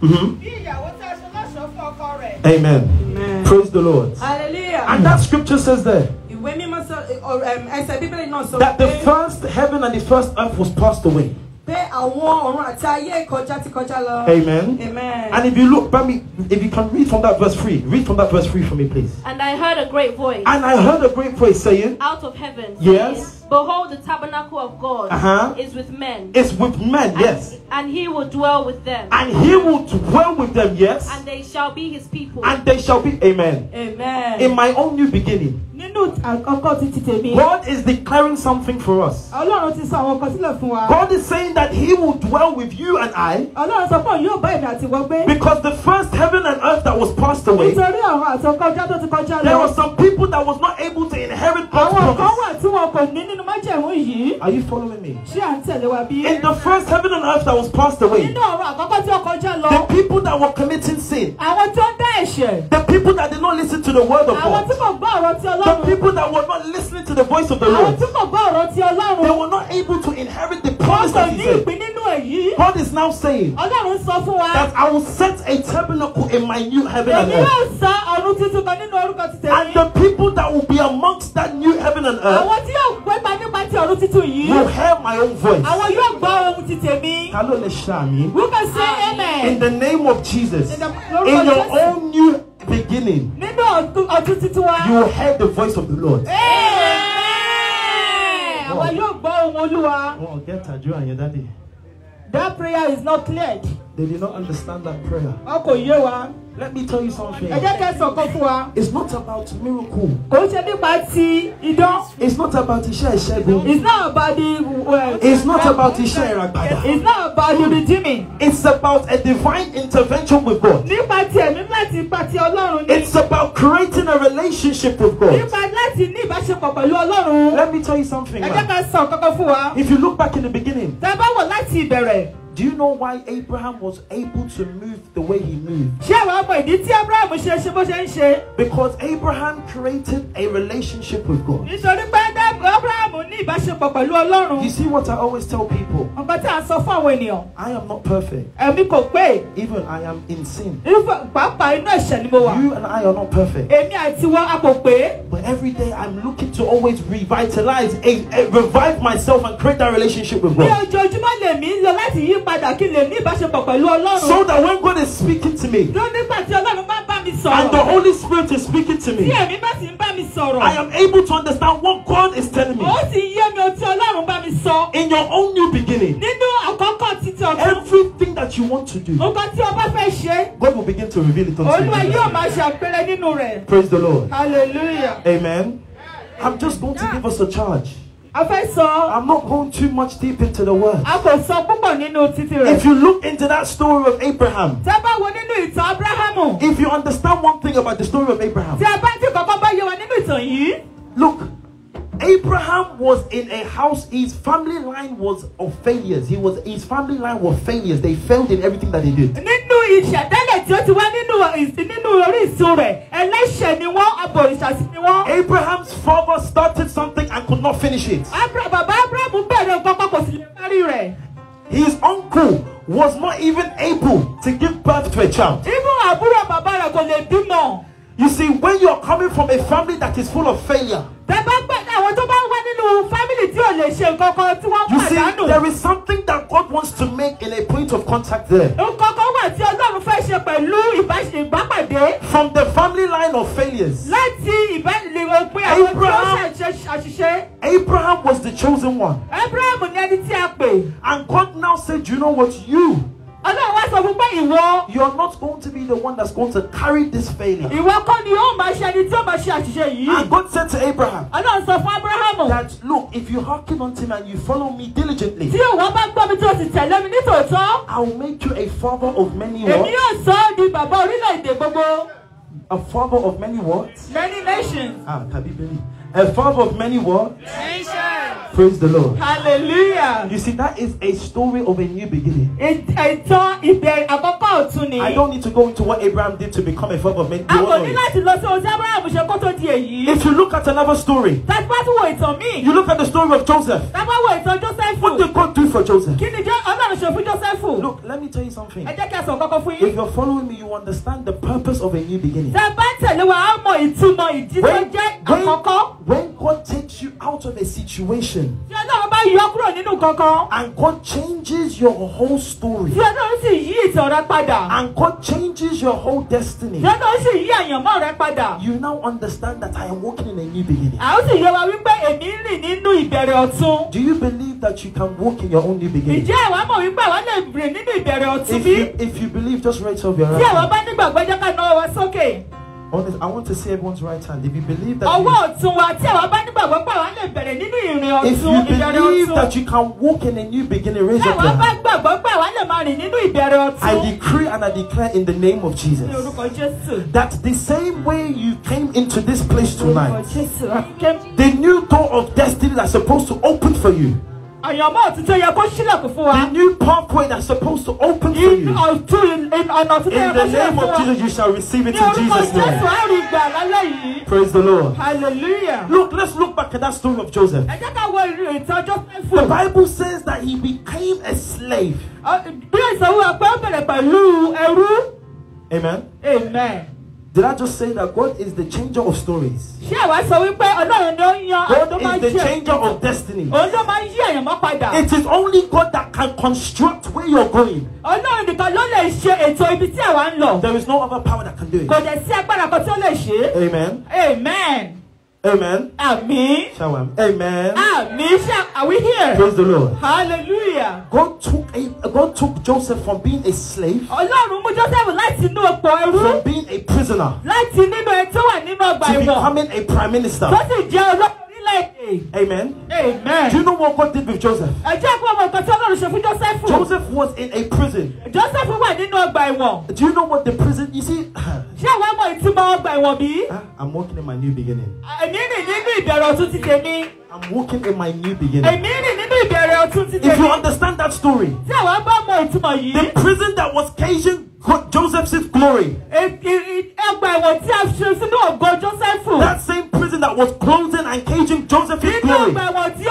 B: Mm-hmm. Amen. Amen. Praise the Lord. Hallelujah. And that scripture says there. Um, that the first heaven and the first earth was passed away.
A: Amen. Amen. And if you
B: look by me, if you can read from that verse 3, read from that verse 3 for me, please.
A: And I heard a great voice. And I heard
B: a great voice saying,
A: Out of heaven. Yes. Behold, the tabernacle of God uh -huh. is with men.
B: Is with men, yes.
A: And, and, he will dwell with them. And he
B: will dwell with them, yes. And
A: they shall be his people. And
B: they shall be, amen. Amen. In my own new beginning, God is declaring something for us. God is saying that he will dwell with you and I. Because the first heaven and earth that was passed away,
C: there were
B: some people that was not able to inherit God's promise. Are you following me? In the first heaven and earth that was passed away. The people that were committing sin. The people that did not listen to the word of God. The people that were not listening to the voice of the Lord. They were not able to inherit the promise that he said. God is now saying. That I will set a tabernacle in my new heaven and earth. And the people that will be amongst that new heaven and earth. nípa nípa ti ọ̀run tuntun yìí. you hear my own voice. àwọn yóò gbọ́ ohun ti tèmi. ta ló lè ṣàmì. who
D: can say amen. in the
B: name of Jesus in,
D: your
B: own new beginning. nínú ọdún tuntun wa. you hear the voice of the Lord. àwọn yóò gbọ́ ohun olúwa. wọn ò gẹ́ta ju àyẹn dáde. that prayer is not cleared. they did not understand that prayer. ọkọ̀ yé wa. Let me tell you something. Ẹ jẹ́ kẹ́ sọ kan fún wa. It's not about miracle. Kò ṣe nípa ti idán. It's not about iṣẹ́ ìṣẹ́gun. It's not about the. Uh, It's not about iṣẹ́ ìràgbàdà. It's not about the redeeming. It's about a divine intervention with God. Nípa
C: ti ẹ̀mí láti ipa ti Ọlọ́run ni. It's
B: about creating a relationship with God. Nípa
C: láti ní ìbáṣepọ̀ pẹ̀lú
B: Ọlọ́run. Let me tell you something. Ẹ jẹ́ kẹ́ sọ kankan fún wa. If you look back in the beginning. Tẹ́ bá wò láti ìbẹ̀rẹ̀. Do you know why Abraham was able to move the way he moved? Because Abraham created a relationship with God. Abrahamu ní ìbáṣepọ̀ pẹ̀lú Ọlọ́run. You see what I always tell people. Nǹkan tí a sọ fún àwọn ènìyàn. I am not perfect. Èmi kò pé. Even I am in sin. Irúfẹ́ pàápàá inú ẹ̀ṣẹ̀ ni mo wà. You and I are not perfect. Èmi àti wọn a kò pé. But every day I'm looking to always revitalize, a, eh, a, eh, revive myself and create that relationship with God. Ní ojoojúmọ́ lèmi ń lọ láti yí padà kí lèmi ìbáṣepọ̀ pẹ̀lú Ọlọ́run. So that when God is speaking to me.
C: Lónìí pàtí Ọlọ́run bá bá mi sọ̀rọ̀. and the Holy
B: Spirit is speaking to me. tí ẹ̀mí
C: bá sì ń bá mi sọ̀rọ̀. I am
B: able to understand what God is telling me. ó sì yé mi ohun Ọlọ́run bá mi sọ. in your own new beginning. nínú àkọ́kọ́ títí everything that you want to do. nǹkan tí o bá fẹ́ ṣe. God will begin to reveal it unto you. Olúwa yóò máa ṣe àpẹẹrẹ nínú
D: rẹ̀.
F: praise the Lord.
B: hallelujah. amen. I'm just going to give us a charge. A fẹ́ sọ. I'm not going too much deep into the word. A kò sọ púpọ̀ nínú títí rẹ̀. If you look into that story of Abraham. Tẹ́ bá wo nínú ìtàn Abrahamu. If you understand one thing about the story of Abraham. Tí bá ti kọ́kọ́ bá nínú ìtàn yìí. Look. Abraham was in a house, his family line was of failures. He was his family line was failures. They failed in everything that they did. Nínú ìṣẹ̀dálẹ̀ tí ó ti wá nínú nínú orísun rẹ̀, ẹlẹ́ṣẹ̀ ni wọ́n, abọ̀rìṣà sì ni wọ́n. Abraham's father started something and could not finish it. His uncle was not even able to give birth to a child. You see, when you are coming from a family that is full of failure. you see there is something that God wants to make in a point of contact there. from the family line of failures. láti ìbẹ́lẹ̀ òpin àwọn tí Abraham was the chosen one. and God now said you know what you. Ọlọ́run wá sọ fún pé ìwọ. You are not going to be the one that's going to carry this failure. Ìwọ kọ́ ni ó máa ṣe ẹni tí ó máa ṣe àṣìṣe yìí. And God said to Abraham. Ọlọ́run sọ fún Abrahamu. That look if you hearken unto me and you follow me diligently. Tí ìwọ bá gbọ́ mi tí o sì tẹ̀lé mi nítòótọ́. I will make you a father of many words. Èmi yóò sọ ọ́ di bàbá orílẹ̀-èdè gbogbo. A father of many what? Many nations. Ah, tàbí bẹ́ẹ̀ ni. A father of many what? Nations. Praise the Lord. Hallelujah. You see, that is a story of a new beginning. I don't need to go into what Abraham did to become a father of many. If you look at another story, you look at the story of Joseph. What did God do for Joseph? Look, let me tell you something. If you're following me, you understand the purpose of a new beginning. When, when, When God takes you out of a situation. And God changes your whole story. And God changes your whole destiny. You now understand that I am walking in a new beginning. Do you believe that you can walk in your own new beginning? If you if you believe just raise up your hand. Honest, I want to see everyone's right hand. If you believe that. Ọwọ́ If you believe that you can walk in a new beginning, raise your hand. I decree and I declare in the name of Jesus. That the same way you came into this place tonight. The new door of destiny that's supposed to open for you the new pathway that's supposed to open for you. in the name of Jesus you shall receive it in Jesus' name. praise the Lord. hallelujah. look let's look back at that story of Joseph. the Bible says that he became a slave. Uh, amen. amen. Did I just say that God is the changer of stories? God is the changer of destiny. It is only God that can construct where you're going. There is no other power that can do it. Amen. Amen. Amen. Amen. Shalom. Amen. Amen.
C: Are we here? Praise the Lord. Hallelujah.
B: God took a, God took Joseph from being a slave. Ọlọ́run mú Joseph láti inú ọ̀pọ̀ ẹrú. From being a prisoner. Láti nínú ẹ tó wà nínú ọgbà ẹ̀wọ̀n. To becoming a prime minister. Tó sì jẹ́ ọlọ́run. Amen. Amen. Do you know what God did with Joseph? Joseph. was in a prison. Joseph wà nínú ọgbà one. Do you know what the prison you see? Ah, I'm working in my new beginning. I'm walking in my new beginning. If you understand that story, the prison that was caging Joseph's glory, e- e- e- that same prison that was closing and caging Joseph's glory, the,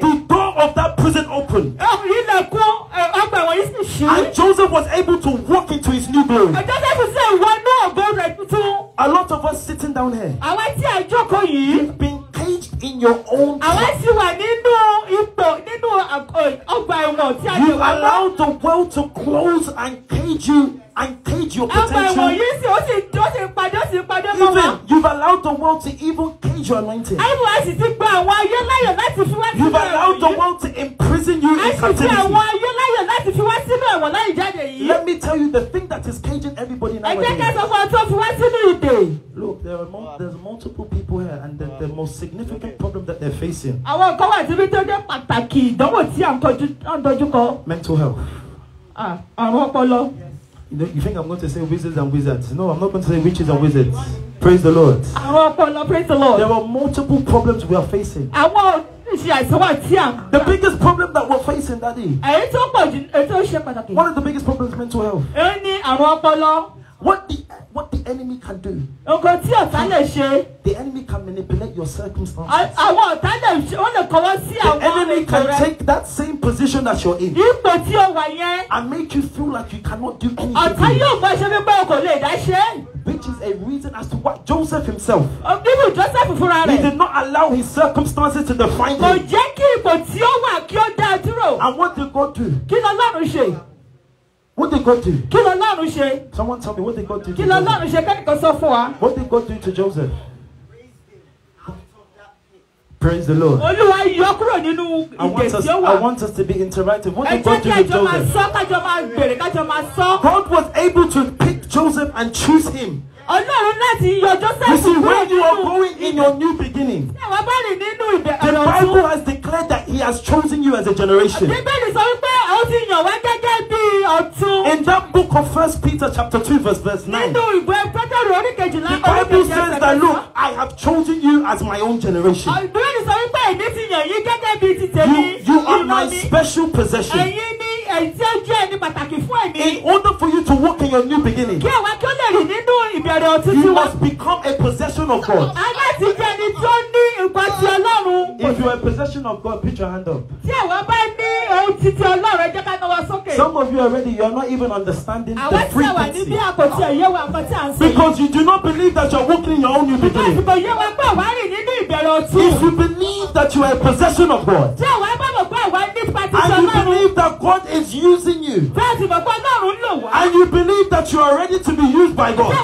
B: the of that prison open. And Joseph was able to walk into his new glory. A lot of us sitting down here, You've been caged in your own. You allowed the world to close and cage you I cage your potential. Even you've allowed the world to even cage your anointing. You've allowed the world to imprison you in captivity. Let me tell you the thing that is caging everybody nowadays. Look, there are mul there's multiple people here, and the, the most significant problem that they're facing. Mental health. Ah, àrùn ọpọlọ. Yeah. You, know, you think I'm going to say wizards and wizards? No, I'm not going to say witches and wizards. Praise the Lord. Praise the Lord. There are multiple problems we are facing. The biggest problem that we're facing, Daddy. One of the biggest problems is mental health. What the what the enemy can do. Nǹkan tí ọ̀tá lè ṣe. The enemy can manipulate your circumstances. Àwọn ọ̀tá lè ṣe ó lè kọ́wọ́ sí àwọn ètò The enemy can take that same position that you're in. Ipò tí o wà yẹn. And make you feel like you cannot do anything. Ọ̀tá yóò mọ ṣe wípé o kò lè dá ṣe. Which is a reason as to why Joseph himself. Nínú Joseph fúnra rẹ̀. He did not allow his circumstances to define him. Kò jẹ́ kí ipò tí ó wà kí ó dá dúró. And what did God do? Kí lọ́lọ́run ṣe? What did God do? Someone tell me what did God do? Kí sọ What did God do to Joseph? Praise the Lord. I want us to be interactive. What did God do with Joseph? Ẹ God was able to pick Joseph and choose him. You see where you are going in your new beginning. The Bible has declared that he has chosen you as a generation. ọ̀tún. In that book of First Peter chapter two verse verse nine. Nínú ìwé Pétérù orí kejìlá ìwé kejìlá. The Bible says that look I have chosen you as my own generation. Ìbílẹ̀ ti sọ wípé èmi ti yàn yín gẹ́gẹ́ bíi ti tèmi. You you are my special possession. Ẹ̀yin ni èyí tí ẹni pàtàkì fún ẹ̀mí. In order for you to walk in your new beginning. Kí àwa kí ó lè rìn nínú ìbẹ̀rẹ̀ òtún tiwa. You must become a possession of God. Aláti jẹ́ ẹni tó ní nǹkan ti Ọlọ́run. If you are a possession of God, put your hand up. Tí àwa bá ní ohun ti Ọlọ́run, ẹ jẹ́ ká náwó sókè. Some of you are already, you are not even understanding the frequency. Because you do not believe that you are walking in your own humility. If you believe that you are a possession of God, and you believe that God is using you, and you believe that you are ready to be used by God,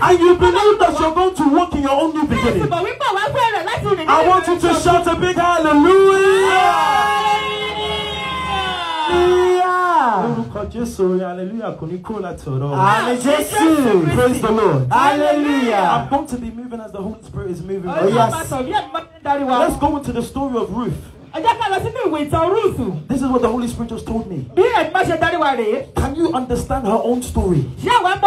C: and you believe that you are
B: going to walk in your own new beginning,
C: I want you to
B: shout a big hallelujah! hallelujah hallelujah praise the lord hallelujah. i'm going to be moving as the holy spirit is moving. Oh, yes. let's go into the story of Ruth. This is what the Holy Spirit just told me. Can you understand her own story? Ṣé àwọn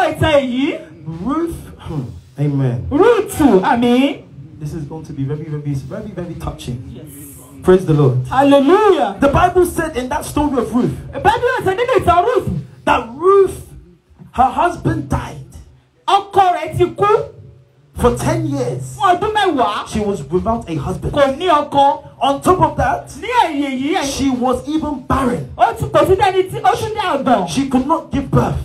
B: hmm, Ruth, amen. This is going to be very, very, very, very touching. Yes.
F: Praise the Lord.
B: Hallelujah. The Bible said in that story of Ruth that Ruth, her husband died. For 10 years, she was without a husband. On top of that, she was even barren. She could not give birth.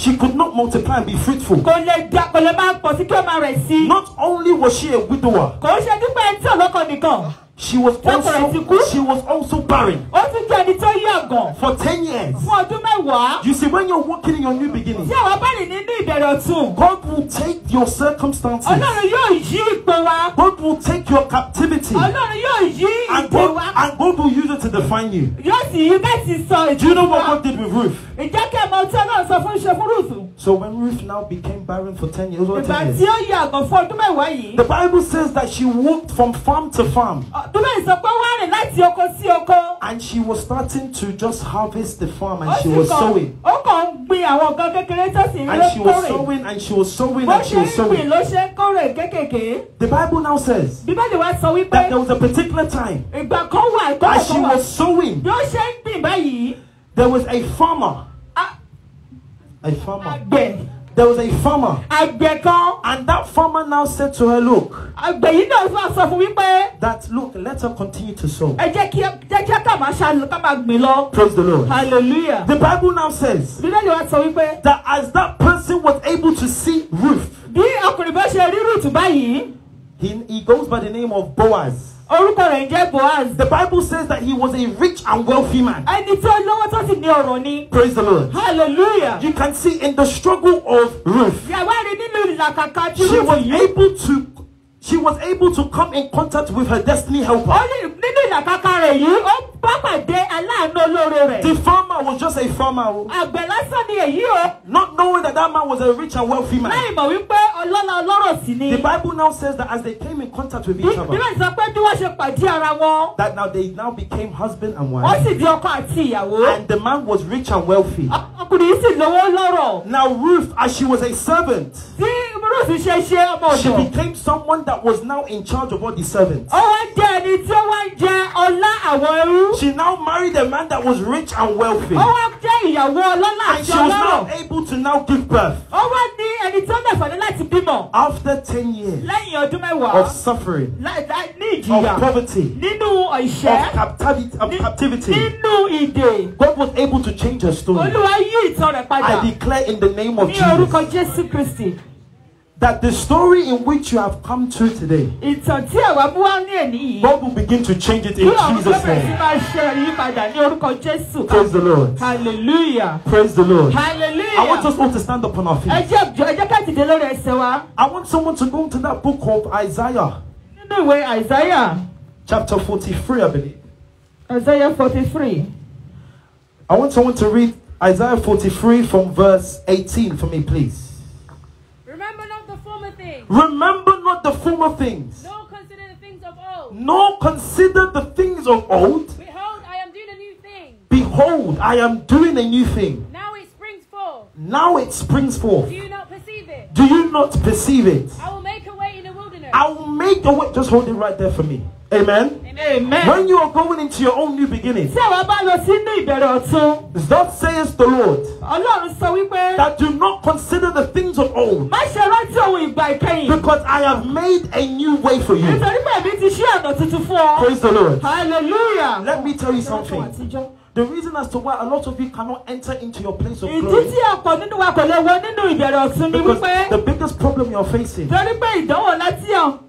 B: She could not multiply and be fruitful. Not only was she a widower, She was also she was also barren. For ten years. You see, when you're walking in your new beginning, God will take your circumstances. God will take your captivity. And God, and God will use it to define you. Do you know what God did with Ruth? So when Ruth now became barren for ten years, 10 years the Bible says that she walked from farm to farm tó sọ pé wọ́n rìn láti oko sí oko. and she was starting to just harvest the farm and she was sowing. ó kàn ń gbin àwọn nǹkan kékeré tó sì ń kórè. and she was sowing and she was sowing and she was sowing. bó ṣe ń gbìn ló ṣe ń kórè kékèké. the bible now says. bíbélì wa sọ wípé. that there was a particular time. ìgbà kan wà ìgbà kan as she was sowing. bí ó ṣe ń gbìn báyìí. there was a farmer. a farmer. àgbẹ̀. There was a farmer. Àgbẹ̀ kan. And that farmer now said to her, look. Àgbẹ̀ yìí náà fún àṣọ fún wípé. That look, let her continue to sow. Ẹ jẹ́ kí jẹ́ jẹ́ ká máa ṣá ká máa gbìn lọ. Praise the Lord. Hallelujah. The Bible now says. Bíbélì wa sọ wípé. That as that person was able to see Ruth. Bí ọkùnrin bá ṣe rí Ruth báyìí. He he goes by the name of Boaz orúkọ rẹ̀ ń jẹ́ Boaz. the bible says that he was a rich and wealthy man. ẹni tí ó tó sì ní ọrọ̀ ni. praise the lord. hallelujah. you can see in the struggle of Ruth. yàrá rí nínú ìlàkàkà tí yìí. she was able to she was able to come in contact with her destiny helper. The farmer was just a farmer. Not knowing that that man was a rich and wealthy man. The Bible now says that as they came in contact with each other, that now they now became husband and wife. And the man was rich and wealthy. Now Ruth, as she was a servant, she became someone that that was now in charge of all the servants. Ó wá jẹ́ ẹni tí She now married a man that was rich and wealthy. Ó wá jẹ́ ìyàwó And she was now able to now give birth. Ó wá ní ẹni tí ó lẹ̀fọ̀dé láti bímọ. After ten years. Of suffering. Of poverty. Of captivity. God was able to change her story. I declare in the name of Jesus. Ní orúkọ that the story in which you have come to today,
C: God
B: will begin to change it in Jesus' name. Praise the Lord. Hallelujah.
D: Praise the Lord. Hallelujah. I want
B: us all to stand up on our feet. I want someone to go to that book of Isaiah. The way Isaiah. Chapter 43, I believe. Isaiah 43. I want someone to read Isaiah 43 from verse 18 for me, please. Remember not the former things.
D: No, consider the things of
A: old.
B: No, consider the things of old.
A: Behold, I am doing a new thing.
B: Behold, I am doing a new thing.
A: Now it springs forth.
B: Now it springs forth. Do you
A: not perceive it? Do you
B: not perceive it?
A: I will make a way in the wilderness. I will make
B: a way. Just hold it right there for me. Amen. Amen. When you are going into your own new beginning, thus says the Lord, that do not consider the things of old, because I have made a new way for you. Praise the Lord. Hallelujah. Let me tell you something. The reason as to why a lot of you cannot enter into your place of glory. Because the biggest problem you're facing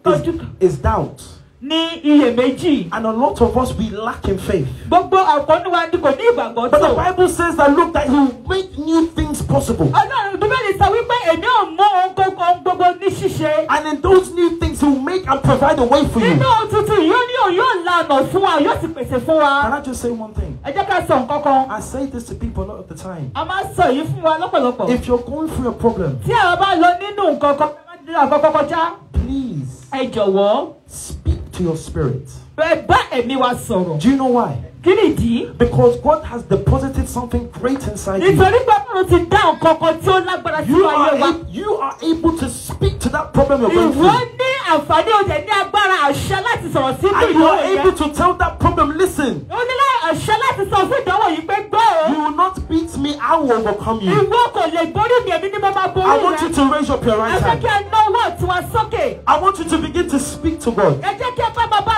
B: is, is doubt. ní iyèméjì. and a lot of us we lack in faith. gbogbo àkọ́nú wa ni kò ní ìgbàgbọ́ tó. but the bible says that look that he will make new things possible. ọlọ́run bíbélì sọ wípé èmi ò mú ohun gbogbo ní ṣíṣe. and in those new things he will make and provide a way for you. nínú tuntun yóò ní òun yóò la ọ̀nà fún wa yóò sì pèsè fún wa. can I just say one thing. ẹ jẹ́ ká sọ nǹkan kan. I say this to people a lot of the time. a máa sọ yìí fún wa lọ́pọ̀lọpọ̀. if you're going through a problem. tí àwọn bá lọ nínú nǹkan kan. please. ẹ jọ̀wọ́. speak to your spirit. Do you know why? kí ni because God has deposited something great inside you. nítorí pé Ọlọ́run ti dá nǹkan kan tí ó lágbára sí ayé wa. you are able to speak to that problem you're going through. ìwọ ní àǹfààní òde ní agbára àṣẹ láti sọ̀rọ̀ sí ìdíwọ́ rẹ. and you are able to tell that problem listen. o ní àṣẹ láti sọ fún ìdánwò yìí pé gbọ́ o. you will not beat me I will overcome you. ìwọ kò lè borí mi èmi ni mo máa borí rẹ. I want you to raise up your right hand. ẹ jẹ́ kí ẹ ná ọwọ́ ọ̀tún wa sókè. I want you to begin to speak to God. ẹ jẹ́ kí ẹ bá bàbá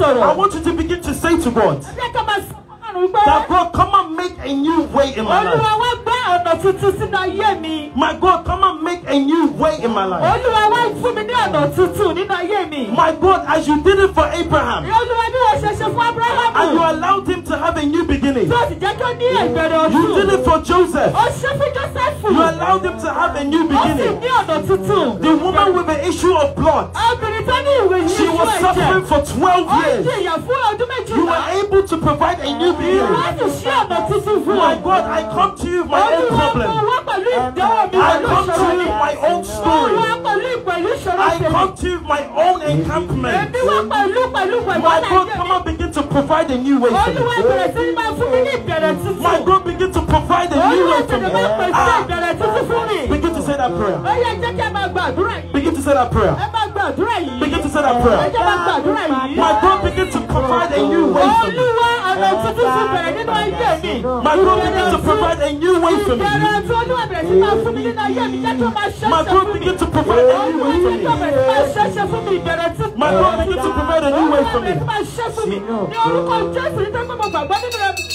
B: I want you to begin to say to God. yapamaz. That God, come and make a new way in my life. My God, come and make a new way in my life. My God, as you did it for Abraham, and you allowed him to have a new beginning. You did it for Joseph. You allowed him to have a new beginning. The woman with the issue of blood, she was suffering for 12 years. You were able to provide a new my God, I come to you with my own problem. I come to you with my own story. I come to you with my own encampment. My God, come and begin to provide a new way for me. My God, begin to provide a new way for me. Ah, begin to say that prayer. Begin to say that prayer. Begin to say that prayer. My God, begin to provide a new way for me. My group began to provide a new way for me. My group began to provide a new way for me. My group began to provide a new way for me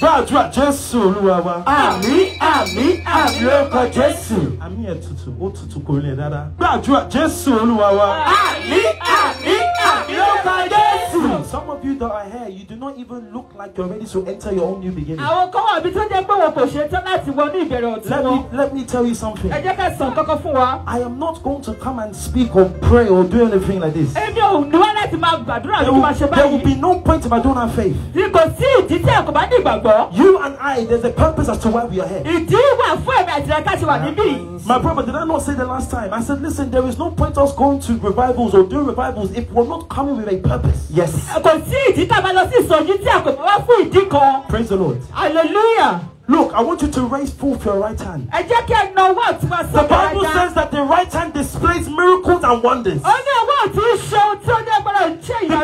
B: gbàdúrà jésù olúwa wa. àmín àmín àmín lórúkọ jésù.
E: àmín ẹ̀ tutù ó tutù
B: kò lè dáadáa. gbàdúrà jésù olúwa wa. àmín àmín àmín lórúkọ jésù. some of you that are here you do not even look like you are ready to enter your own new beginning. àwọn kan wà bí tó jẹ́ pé wọn kò ṣe tán láti wọnú ìbẹ̀rẹ̀ ọ̀tún wọn. let me tell you something. ẹ jẹ́ ká sàn kankan fún wa. I am not going to come and speak or pray or do anything like this. èmi ò níwá láti máa gbàdúrà lójú máa ṣe báyìí. there will be no point if I don't have faith. kò sí ìdí tí ẹ kò bá ní ìgbàgbọ́ gbàgbọ́. you and I there's a purpose as to why we are here. ìdí wà fún ẹ̀mí àti ti wà níbí. my brother did I not say the last time I said listen there is no point us going to revivals or doing revivals if we are not coming with a purpose. yes. kò sí ìdí tá lọ sí ìsọjí tí a kò bá wá fún ìdí kan. praise the Lord. hallelujah. Look, I want you to raise forth your right hand. The Bible says that the right hand displays miracles and wonders. The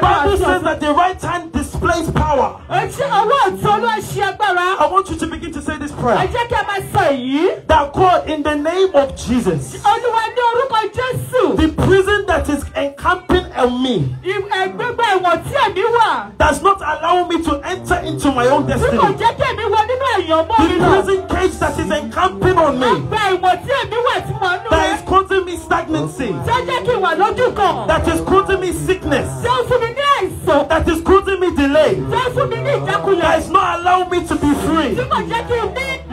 B: Bible says that the right hand displays power. I want you to begin to say this prayer. That God, in the name of Jesus. The prison that is encamping on me. Does not allow me to enter into my own destiny. The prison cage that is encamping on me. Ẹgbẹ́ causing me stagnancy. That is causing me sickness. That is causing me delay. Tí That is not allowing me to be free.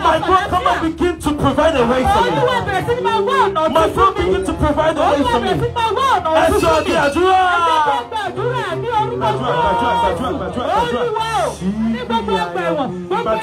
B: My God, come and begin to provide a way for me. My God, begin to provide a way for
D: me.
B: Olúwa i I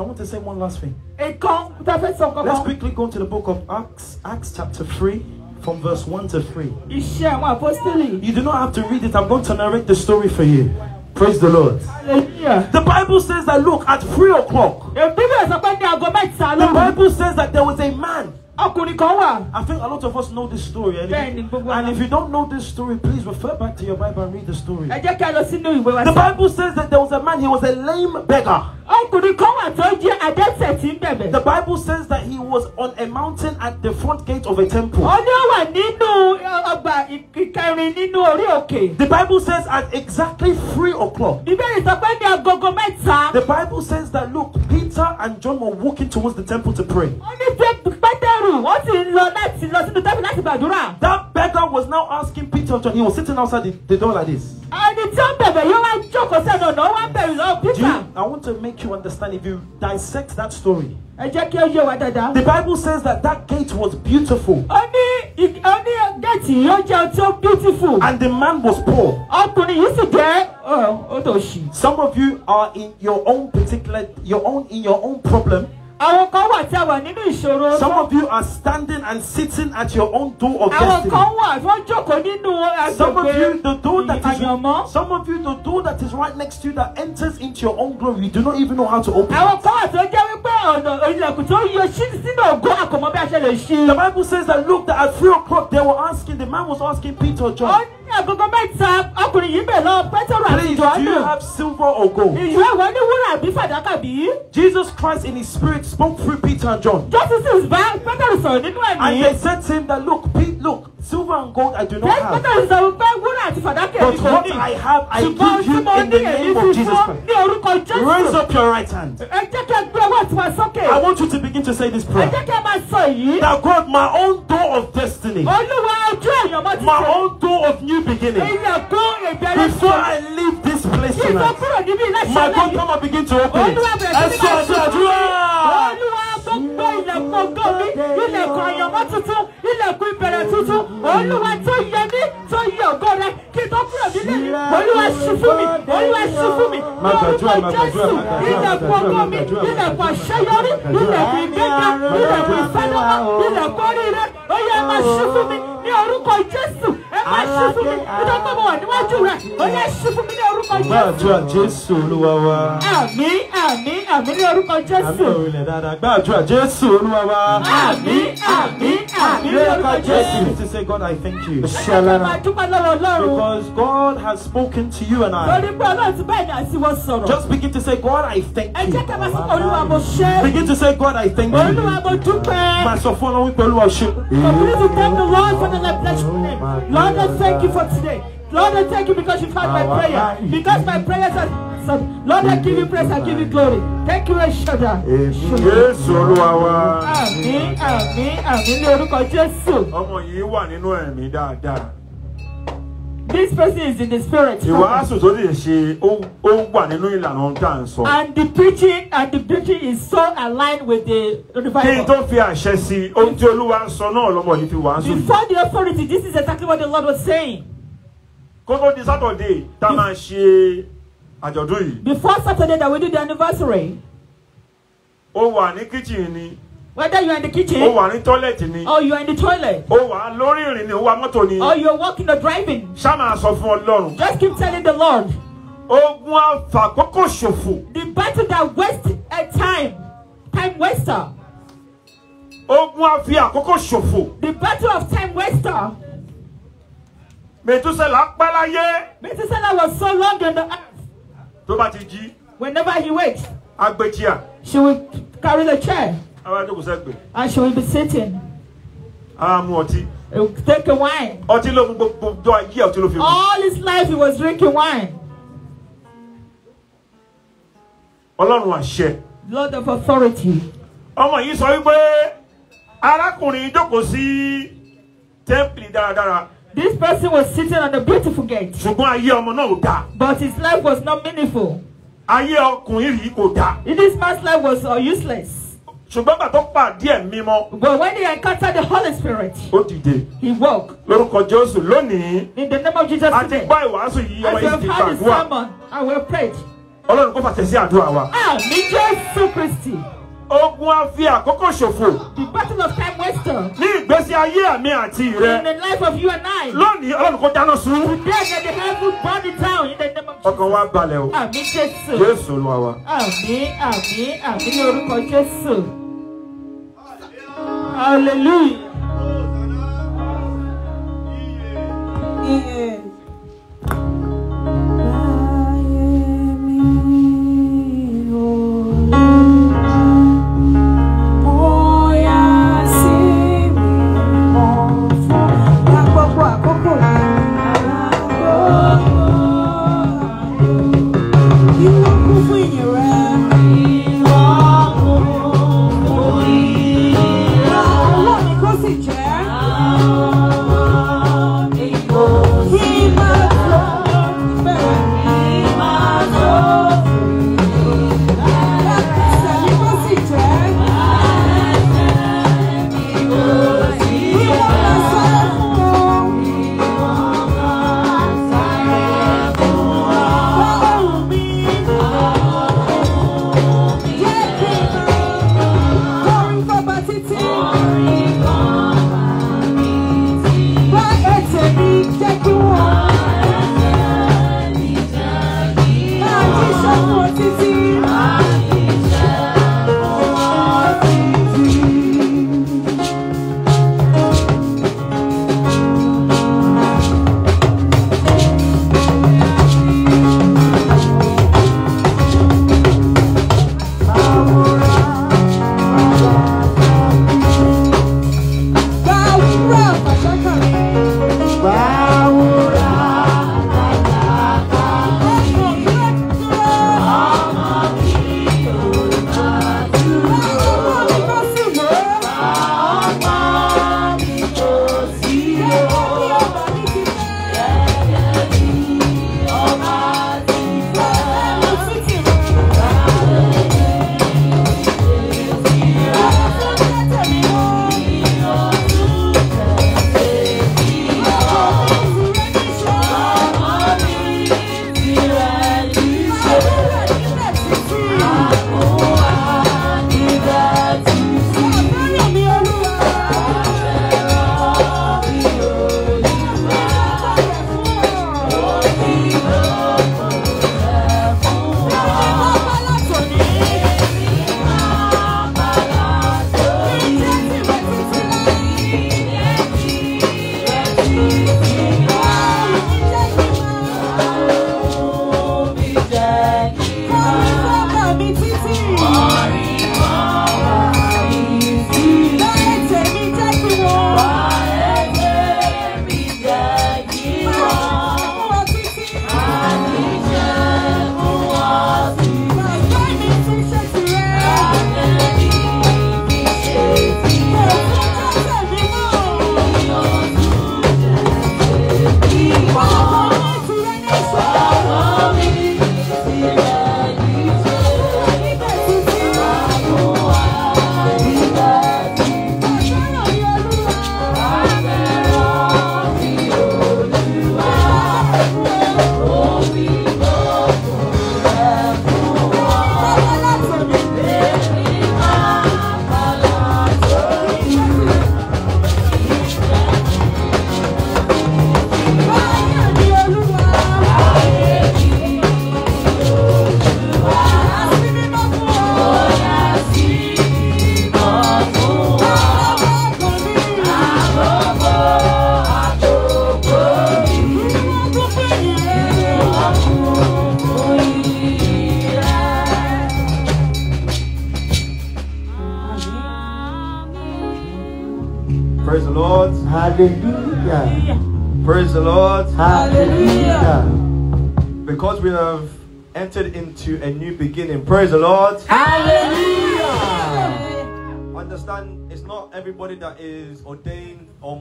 B: want to say one last thing. Let's quickly go to the book of Acts, Acts chapter 3 from verse 1 to 3. You do not have to read it. I'm going to narrate the story for you. Praise the Lord. Hallelujah. The Bible says that, look, at 3 o'clock, the Bible says that there was a man I think a lot of us know this story. Eh? And if you don't know this story, please refer back to your Bible and read the story. The Bible says that there was a man, he was a lame beggar. Ọkùnrin kan wà tó jẹ́ adẹ́sẹ̀ tí ń bẹ̀bẹ̀. The Bible says that he was on a mountain at the front gate of a temple. Eh, the Bible says at exactly three o'clock. The Bible says that look, Peter and John were walking towards the temple to pray. ọ̀run mm, ó lọ láti lọ sínú tẹ́pù láti gbàdúrà. that beggar was now asking Peter to he was sitting outside the, the door like this. ẹni tí ó bẹ̀bẹ̀ yóò wá jókòó sẹ́nu ọ̀nà ó wá bẹ̀rù lọ Peter. I want to make you understand if you dissect that story. ẹ jẹ́ kí ó yé wa dáadáa. the Bible says that that gate was beautiful. ó ní ó ní gẹ̀ẹ́tì yóò jẹ́ ohun beautiful. and the man was poor. ọkùnrin yìí sì jẹ́ oh, ó tó ṣì. some of you are in your own particular your own in your own problem. Some of you are standing and sitting at your own door of destiny. Some of you the door that is some of you the door that is right next to you that enters into your own glory you do not even know how to open. Àwọn The bible says that look that at three o'clock they were asking the man was asking Peter John please do you have silver or gold. ìyá ẹ̀wọ̀ ní wúrà àbí fàdákà bí. Jesus Christ in his spirit spoke through Peter and John. Jesus bá Pétérù sọ̀rọ̀ nínú ẹ̀mí. and they said to him that look Pete look Silver and gold I do not have. But what I have, I give you in the name of Jesus Christ. Raise up your right hand. I want you to begin to say this prayer. That God, my own door of destiny, my own door of new beginning, before I leave this place tonight, my God, come and begin to open it. tó gbé ilẹ̀kùn ògo mi ilẹ̀kùn àyànmọ́ tuntun ilẹ̀kùn ìbẹ̀rẹ̀ tuntun olúwa tó yẹ mí tó yẹ ògo rẹ kí tó kúrò nílé mi olúwa ṣí fún mi olúwa ṣí fún mi lórúkọ jésù ilẹ̀kùn ògo mi ilẹ̀kùn àṣeyọrí ilẹ̀kùn ìgbéga ilẹ̀kùn ìfẹ́lọ́mọ ilẹ̀kùn oríire ó yẹ máa ṣí fún mi ní orúkọ Jésù ẹ máa ṣí fún mi nítorí pé mo wà níwájú rẹ ó yẹ ṣí fún mi ní orúkọ Jésù. gbàdúrà Jésù Olúwa wa.
D: àmín àmín àmín ní orúkọ Jésù. àmín òrìlẹ̀
B: dáadáa gbàdúrà Jésù Olúwa wa. àmín àmín àmín ní orúkọ Jésù. to say God I
D: thank you. ṣàlàyé
B: because God has spoken to you and I. lórí pé Ọlọ́run ti bẹ́ẹ̀ ni àtiwọ́ sọ̀rọ̀. just begin to say God I thank you. ẹ jẹ́ ká máa Olúwa mo ṣe. begin to say God I thank you. Olúwa mo dúpẹ́. máa sọ fún Ọlọ́run thank the and I bless your name. Lord, I thank you for today. Lord, I thank you because you've heard my prayer. Because my prayers are Lord, I give you praise, I give you glory. Thank you, Eshada.
F: Jésù Amen.
E: Amen.
B: Amen. àmín, àmín ní orúkọ Jésù. Ọmọ yìí wà nínú ẹ̀mí dáadáa
E: this person is in the spirit. ìwàásù tó lè ṣe ó ń wà nínú ìlànà ohun tá à ń sọ. and
B: the preaching and the preaching is so aligned with the revival.
C: kí n
E: tó fi àṣẹ sí ohun tí olúwa ń sọ náà lọ́mọ yìí fi wàásù. before
B: the authority this
E: is exactly what the Lord was saying. kó di Saturday tá a máa ṣe àjọ̀dún yìí. before Saturday that we do the anniversary. ó wà ní kitchen
B: ni whether you are in the kitchen. o wà ní toilet ni. or you are in the toilet. o wà lórí ìrìn ni o wà mọ́tò ni. or you are walking or driving. ṣá máa sọ fún Ọlọ́run. just keep telling the Lord. ogun afàkókò ṣòfò. the battle that waste a time time waster. ogun afi àkókò ṣòfò. the battle of time waster. Metusela pẹ́ láyé. Metusela was so long on the earth. Tó bá ti jí. Whenever he wakes. Agbèjìyà. She will carry the chair. I shall be sitting. Ah, mu ọtí. Take a wine. Ọtí ló gbogbo ayé ọtí ló fi mu. All his life he was drinking wine. Ọlọ́run àṣẹ. Lord of authority.
E: Ọmọ yìí sọ wípé arákùnrin jókòó sí tẹ́ḿpìlì dáradára.
B: This person was sitting on a beautiful gate. Ṣùgbọ́n ayé ọmọ náà ò dáa. But his life was not meaningful. Ayé ọkùnrin yìí kò dáa. This man's life was uh, useless ṣùgbọ́n bàtọ́ pàdé ẹ̀mí mọ́. but when he encountered the holy spirit. ó dìde. he woke. lórúkọ Jésù lónìí. in the name of Jesus today. a ti gbọ́ ìwàásù yìí ọmọ yìí ti fàdúrà. as we have heard the sermon I will have prayed. Ọlọ́run kó fàtẹ̀ sí àdúrà wa. àmì ah, Jésù Kristi ogun afi àkókò ṣòfò. the battle of time waster. ní ìgbésí ayé àmì àti rẹ. in the life of you and I. lónìí ọlọ́run kò dáná sun. today that the heaven burn the town in the name of Jesus. ọkàn wa balẹ̀ o.
D: àmì jésù.
E: jésù
B: olúwa wa.
D: àmì àmì àmì ní orúkọ jésù. hallelujah. Yeah.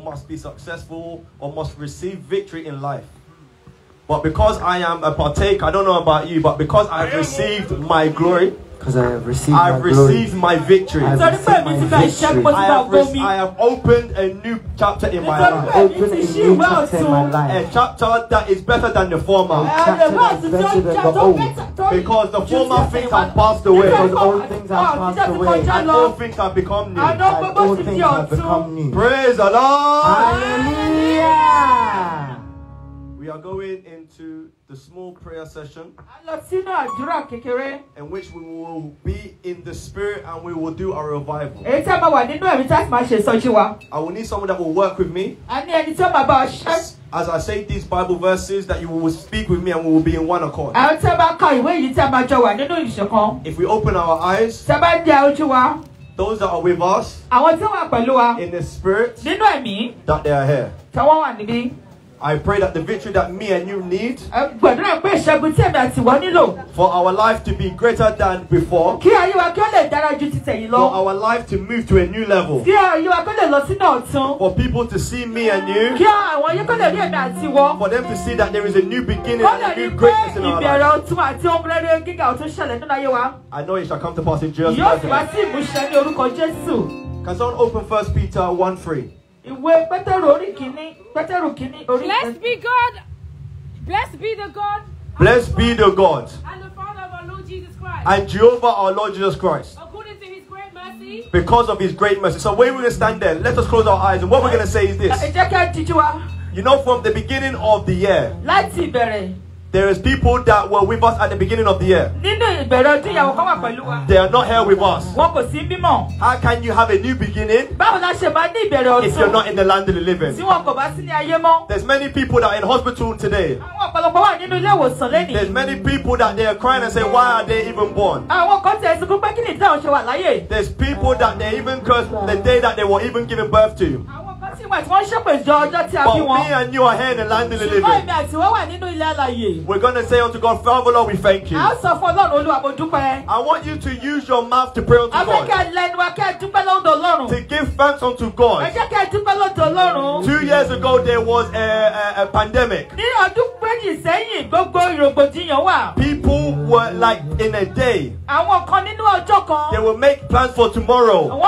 B: must be successful or must receive victory in life. But because I am a partaker, I don't know about you, but because I've oh. received my glory, because I have received I have my received glory. my victory. I have, received my victory. I have, I have opened a new chapter in my life. opened a new chapter in my life. A chapter that is better than the former. A chapter that is better than the old. Because the former things have oh, passed away. Because old things have passed away. And all things have become new. And all things have become new. Praise the Lord. Hallelujah. We are going into the small prayer session in which we will be in the spirit and we will do a revival.
C: I will
B: need someone that will work with me. As I say these Bible verses, that you will speak with me and we will be in one accord. If we open our eyes, those that are with us in the spirit, that they are here. I pray that the victory that me and you need for our life to be greater than before, for our life to move to a new level, for people to see me and you, for them to see that there is a new beginning and a new greatness in our life. I know it shall come to pass in Jesus' name. Can someone open 1 Peter 1 3?
A: Blessed be God. Blessed be the God.
E: Blessed be the God.
A: And the Father of our Lord Jesus Christ. And Jehovah
B: our
E: Lord Jesus Christ.
A: According to his great mercy. Because
B: of his great mercy. So where we're going to stand there, let us close our eyes. And what we're going to say is this. You know, from the beginning of the year. There is people that were with us at the beginning of the year. They are not here with us. How can you have a new beginning if you're not in the land of the living? There's many people that are in hospital today. There's many people that they are crying and say, why are they even born? There's people that they even curse the day that they were even given birth to.
C: But me and you are here in the land of the living.
B: ṣùgbọ́n èmi àti We're gonna say unto God, Father Lord, we thank you. I want you to use your mouth to pray unto God. To give thanks unto God. Two years ago there was a, a, a pandemic. People were like in a day. They will make plans for tomorrow.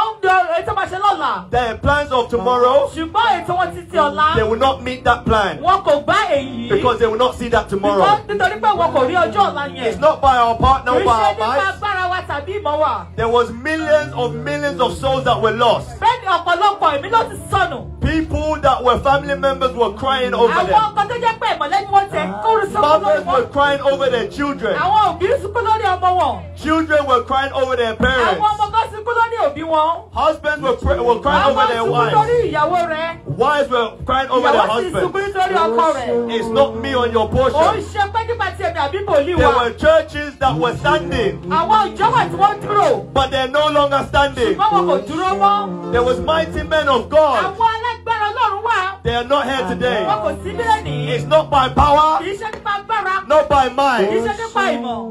B: Their plans of tomorrow ṣùgbọ́n ètò wọn títí ọ̀la. they will not meet that plan. wọn kò gbá èyí. because they will not see that tomorrow. nítorí pé wọn kò rí ọjọ́ ọ̀la yẹn. it's not by our partner or by our wife. kì nípa
C: agbára wa tàbí ìmọ̀ wa.
B: there was millions of millions of souls that were lost. bẹ́ẹ̀ni ọ̀pọ̀lọpọ̀ èmi ló ti sọnù. people that were family members were crying over them. àwọn ọkọ tó jẹ́ pé ìmọ̀lẹ́ni wọ́n tẹ kúrú sọ́kọ́ lórí wọn. mothers were crying over their children. àwọn òbí sunkún lórí ọmọ wọn. children were crying over their parents. àwọn ọmọ kan sunkún lórí òbí wọn. husbands were, were crying over their wives. àwọn sunkún lórí ìyàwó Wives were crying over their husband. It's not me on your portion.
C: There were
B: churches that were standing. But they're no longer standing. There was mighty men of God. They are not here today. It's not by power, not by might,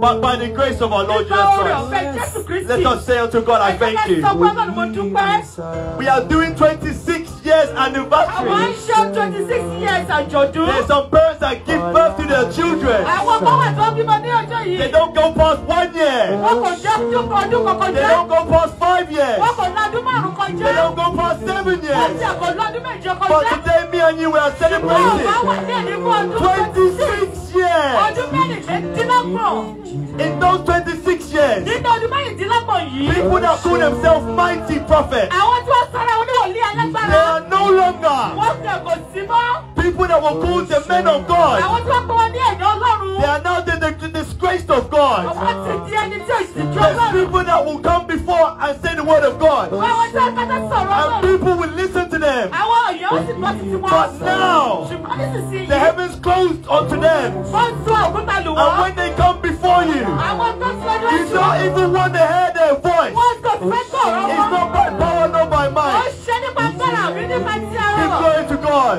B: but by the grace of our Lord Jesus Christ. Let us say unto God, I thank you. We are doing 26 years anniversary. Àwọn ń ṣe twenty six years àjọ̀dún. There are some parents that give oh, birth to their children. Àwọn kan wà tó
C: bímọ ní ọjọ́ yìí. They
B: don't go past one year. Wọ́n kò jẹ́ ọdún kankan jẹ́. They don't go past five years. Wọ́n kò
C: lọ́dún márùn-ún kan jẹ́. They don't go past seven years. Wọ́n ti àkọ́ lọ́dún mẹ́jọ kan jẹ́. But today
B: me and you we are celebrating. Ṣùgbọ́n àwọn ilé ní fún ọdún twenty six years. Ọdún mẹ́rìndínlọ́gbọ̀n. In those twenty six years. Nínú ọdún mẹ́rìndínlọ́gbọ̀n yìí. People that call themselves mighty prophets. Àwọn tí wọ́n sara oníwòlíì alágbára. longer people that were called the men of God. They are now the, the, the disgraced of God. There's people that will come before and say the word of God. And people will listen to them. But now,
D: the heavens
B: closed unto them. And when they come before you,
D: you don't even
B: want to hear their voice. It's not by power, not by might.
D: Keep going to God.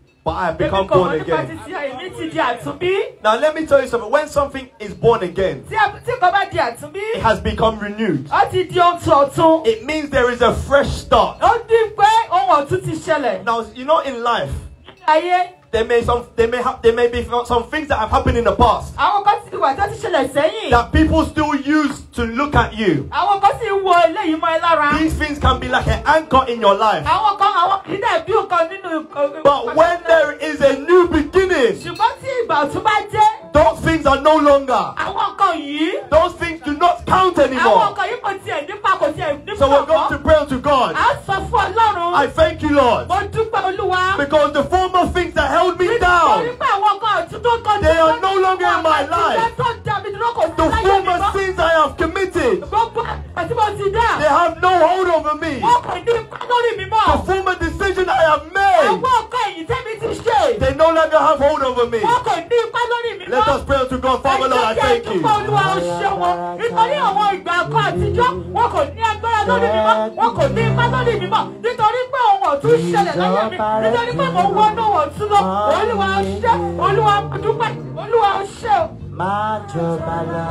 B: But I have become born again. Now let me tell you something. When something is born again, it has become renewed. It means there is a fresh start. Now you know in life. there may some there may have there may be some things that have happened in the past. That people still use to look at you. These things can be like an anchor in your life. But when there is a new beginning. Those things are no longer. walk on you. Those things do not count anymore. So we're going to pray to God. I thank you Lord. Because the former things that held me down. They are no longer in my life. The former sins I have committed. They have no hold over me. The former decision I have made. They no longer have hold over me. Let Let us pray to God, Father Lord, I thank you. nítorí àwọn ìgbà àkọ́ àtijọ́ wọn kò ní agbára lórí mímọ́ wọn kò ní ipá lórí mímọ́ nítorí pé ohun ọ̀tún ṣẹlẹ̀ láyé mi nítorí pé mò ń wọnú ọ̀tún lọ Olúwa ó Olúwa dúpẹ́
D: Olúwa ó ṣe. jọba lọ,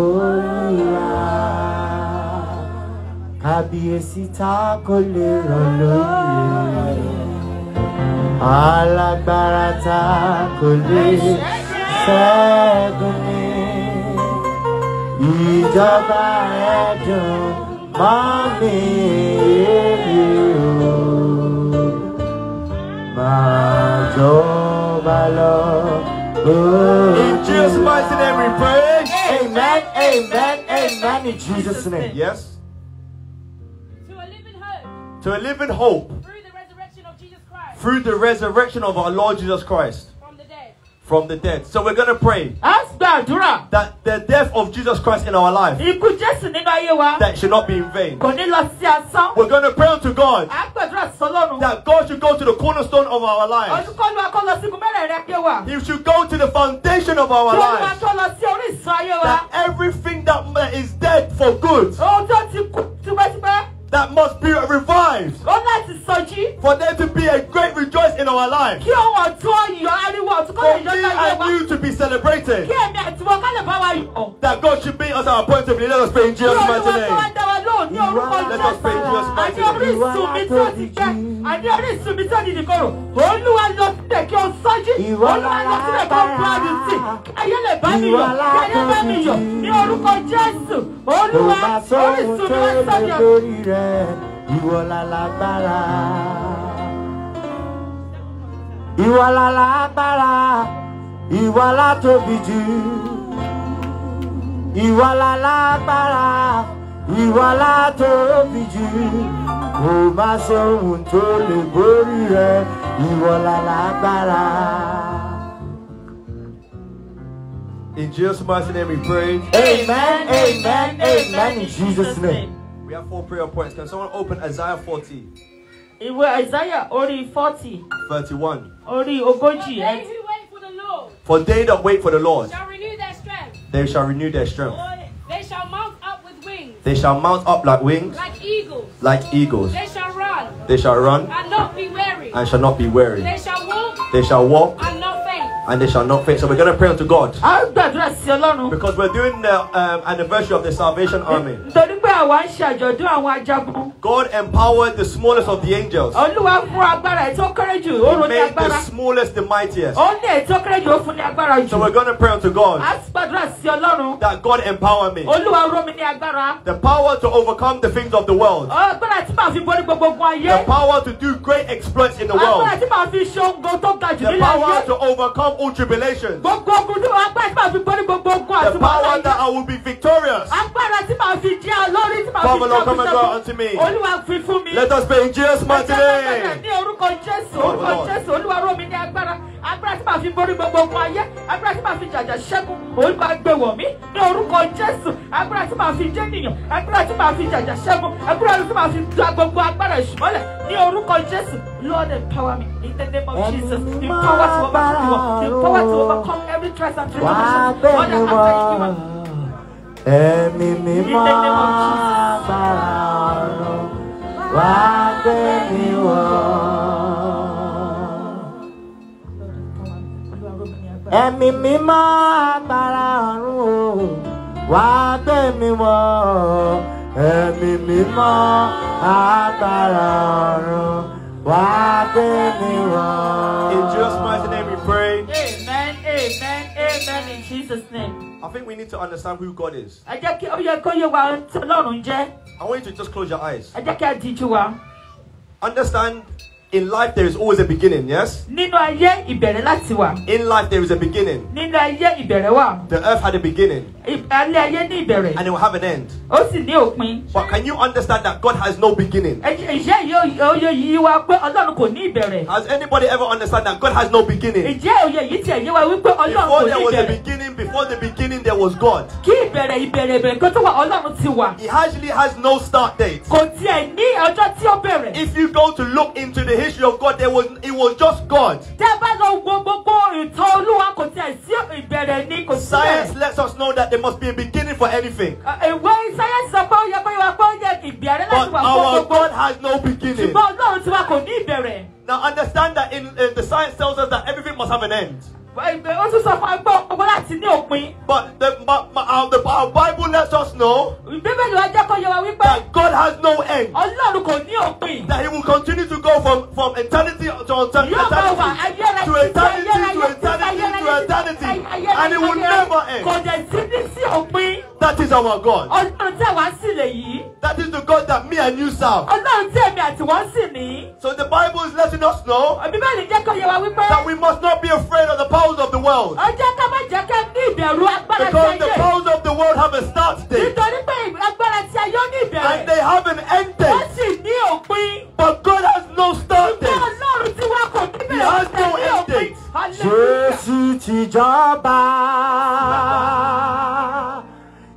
D: Olúwa
F: kábíyèsí tá kò lè rọ̀ lóyè. alágbára tá kò lè ṣẹ́gun ni ìjọba
D: ẹ̀dùn mọ́ mi èyí o
F: máa jọba lọ. In Jesus' mighty name we pray. Amen, amen,
B: amen. In Jesus' name. Yes. To a living hope. To a living hope through the resurrection of our Lord Jesus Christ from the dead. From the dead. So we're going to pray that the death of Jesus Christ in our life that should not be in vain. We're going to pray unto God that God should go to the cornerstone of our lives. He should go to the foundation of our lives.
C: That
B: everything that is dead for good that must be revived. Ó láti sọjí. For there to be a great rejoice in our lives. Kí ohun ọ̀tún ọ̀yọ́ ariwo ọ̀tún kọ́ lè yọ láyé wa. For me and you to be celebrated. Kí èmi àti wọn ká lè bá wa yọ̀. That God should be us our point of need. Let us pray in Jesus' mighty name. Kí olúwa tó wá
C: dá lóhùn ní orúkọ Jésù. Let us pray in Jesus'
B: ti jẹ́. Àní orí ìsúnmi tí ó ti dìkorò. Olúwa lọ sílẹ̀ kí o sọjí. Olúwa lọ sílẹ̀
D: kí o proud
C: in sin. Ayé lè bá mi yọ̀.
F: Ayé bá mi yọ̀.
C: Ní orúkọ Jésù.
D: Olúwa orí ìsúnmi wá sọ́dọ̀.
F: ìwọ lálágbára.
B: Ìwọ lálágbára, ìwọ látóbi jù. Ìwọ lálágbára, ìwọ látóbi jù. Kò má sóhun tó lè borí rẹ,
G: In Jesus' mighty name we pray.
B: Amen, amen, amen in Jesus' name. We have four prayer points. Can someone open Isaiah 40? was Isaiah 40.
F: 31.
B: Only ogójì. For they
D: who wait for the Lord.
F: For they that wait for the Lord.
A: Shall renew their strength.
F: They shall renew their strength.
A: They shall mount up with wings.
F: They shall mount up like wings.
A: Like eagles.
B: Like eagles. They
A: shall run.
B: They shall run.
F: And
D: not be weary.
F: And shall not be weary. They
D: shall walk.
F: They shall walk and they
B: shall not faint. So we're going to pray unto God. Because we're doing the um, anniversary of the Salvation Army. God empowered the smallest of the angels. He made the smallest the mightiest. So we're going to pray unto God. That God empower me. The power to overcome the things of the world. The power to do great exploits in the world. The power to overcome all tribulations. The power that I will be victorious. Agbára Lord come and draw unto me. Let us be in Jesus' mighty name. Lord empower
C: me in the name of Jesus
B: the mi to overcome every trials and tribulations. God has attacked
D: you. Ẹ̀mí mímọ́ bàrà ọ̀run wá mi wọ̀.
B: Ẹ̀mí mi wọ̀. Ẹ̀mí mímọ́ bàrà ọ̀run
D: wá gbé mi wọ̀. In Jesus' name.
B: Jesus' name. I think we need to understand who God is. I want you to just close your eyes. Understand in life, there is always a beginning, yes? In life, there is a beginning. The earth had a beginning. And it will have an end. But can you understand that God has no beginning? Has anybody ever understand that God has no beginning? Before there was a beginning, before the beginning, there was God. He actually has no start date. If you go to look into the history of God, there was, it was just God. Science lets us know that there must be a beginning for anything. But our God has no beginning. Now understand that in, in the science tells us that everything must have an end. ó tún sọ fún agbọ́ ọgbọ́n láti ní but um, the ma, uh, the bible lets us know. that God has no end. that he will continue to go from from eternity to eternity. to eternity wà ayérayé to eternity to eternity to eternity and it will never end. that is our God. that is the God that me and you serve. so the bible is letting us know. that we must not be afraid of the power powers of the world. Because the powers of the world have a start date. And they have an end date. But God has no start
D: date. He has
F: no end date. Jesus,
B: ti
D: jọba.